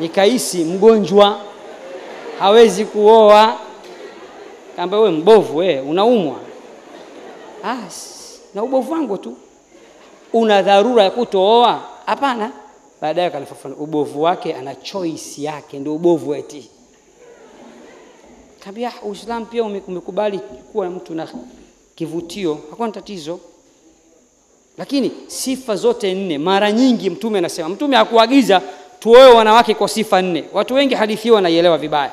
nikahisi mgonjwa hawezi kuoa. kamba wewe mbovu wewe, unaumwa? As, ah, na ubovu wangu tu. Una dharura ya kutooa? Hapana. Baadaye akanifafanua ubovu wake, ana choice yake, ndio ubovu eti. Kabia ah, Uislamu pia umekubali kuwa mtu na kivutio, hakuna tatizo. Lakini sifa zote nne mara nyingi Mtume anasema, Mtume hakuagiza tuoe wanawake kwa sifa nne. Watu wengi hadithi wanaielewa vibaya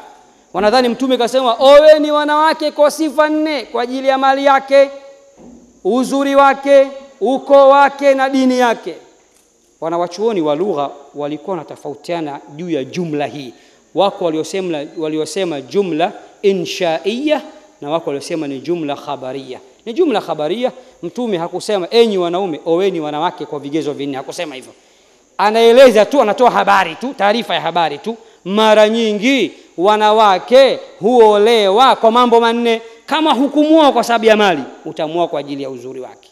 wanadhani mtume kasema oweni wanawake kwa sifa nne kwa ajili ya mali yake uzuri wake ukoo wake na dini yake wanawachuoni wa lugha walikuwa wanatofautiana juu ya jumla hii wako waliosema, waliosema jumla inshaiya na wako waliosema ni jumla khabaria ni jumla khabaria mtume hakusema enyi wanaume oweni wanawake kwa vigezo vinne hakusema hivyo anaeleza tu anatoa habari tu taarifa ya habari tu mara nyingi wanawake huolewa kwa mambo manne. Kama hukumua kwa sababu ya mali, utamua kwa ajili ya uzuri wake.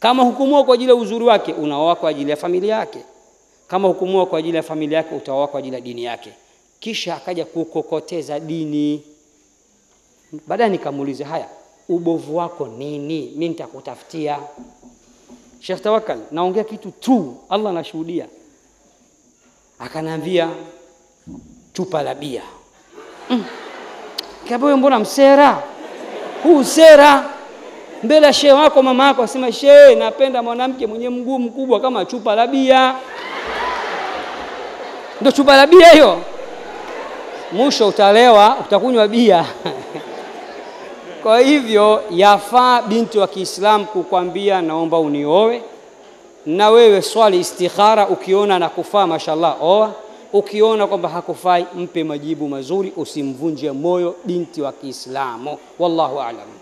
Kama hukumua kwa ajili ya uzuri wake, unaoa kwa ajili ya familia yake. Kama hukumua kwa ajili ya familia yake, utaoa kwa ajili ya dini yake. Kisha akaja kukokoteza dini. Baadaye nikamuuliza, haya, ubovu wako nini? Mi nitakutafutia. Sheikh tawakal naongea kitu tu, Allah anashuhudia. Akanambia chupa la bia mm. Kabuye, mbona msera huu sera mbele ya shehe wako mama yako asema, shehe, napenda mwanamke mwenye mguu mkubwa kama chupa la bia. Ndio chupa la bia hiyo, mwisho utalewa, utakunywa bia Kwa hivyo yafaa binti wa Kiislamu kukwambia naomba uniowe, na wewe swali istikhara, ukiona na kufaa, mashallah, oa Ukiona kwamba hakufai, mpe majibu mazuri, usimvunje moyo binti wa Kiislamu. Wallahu aalam.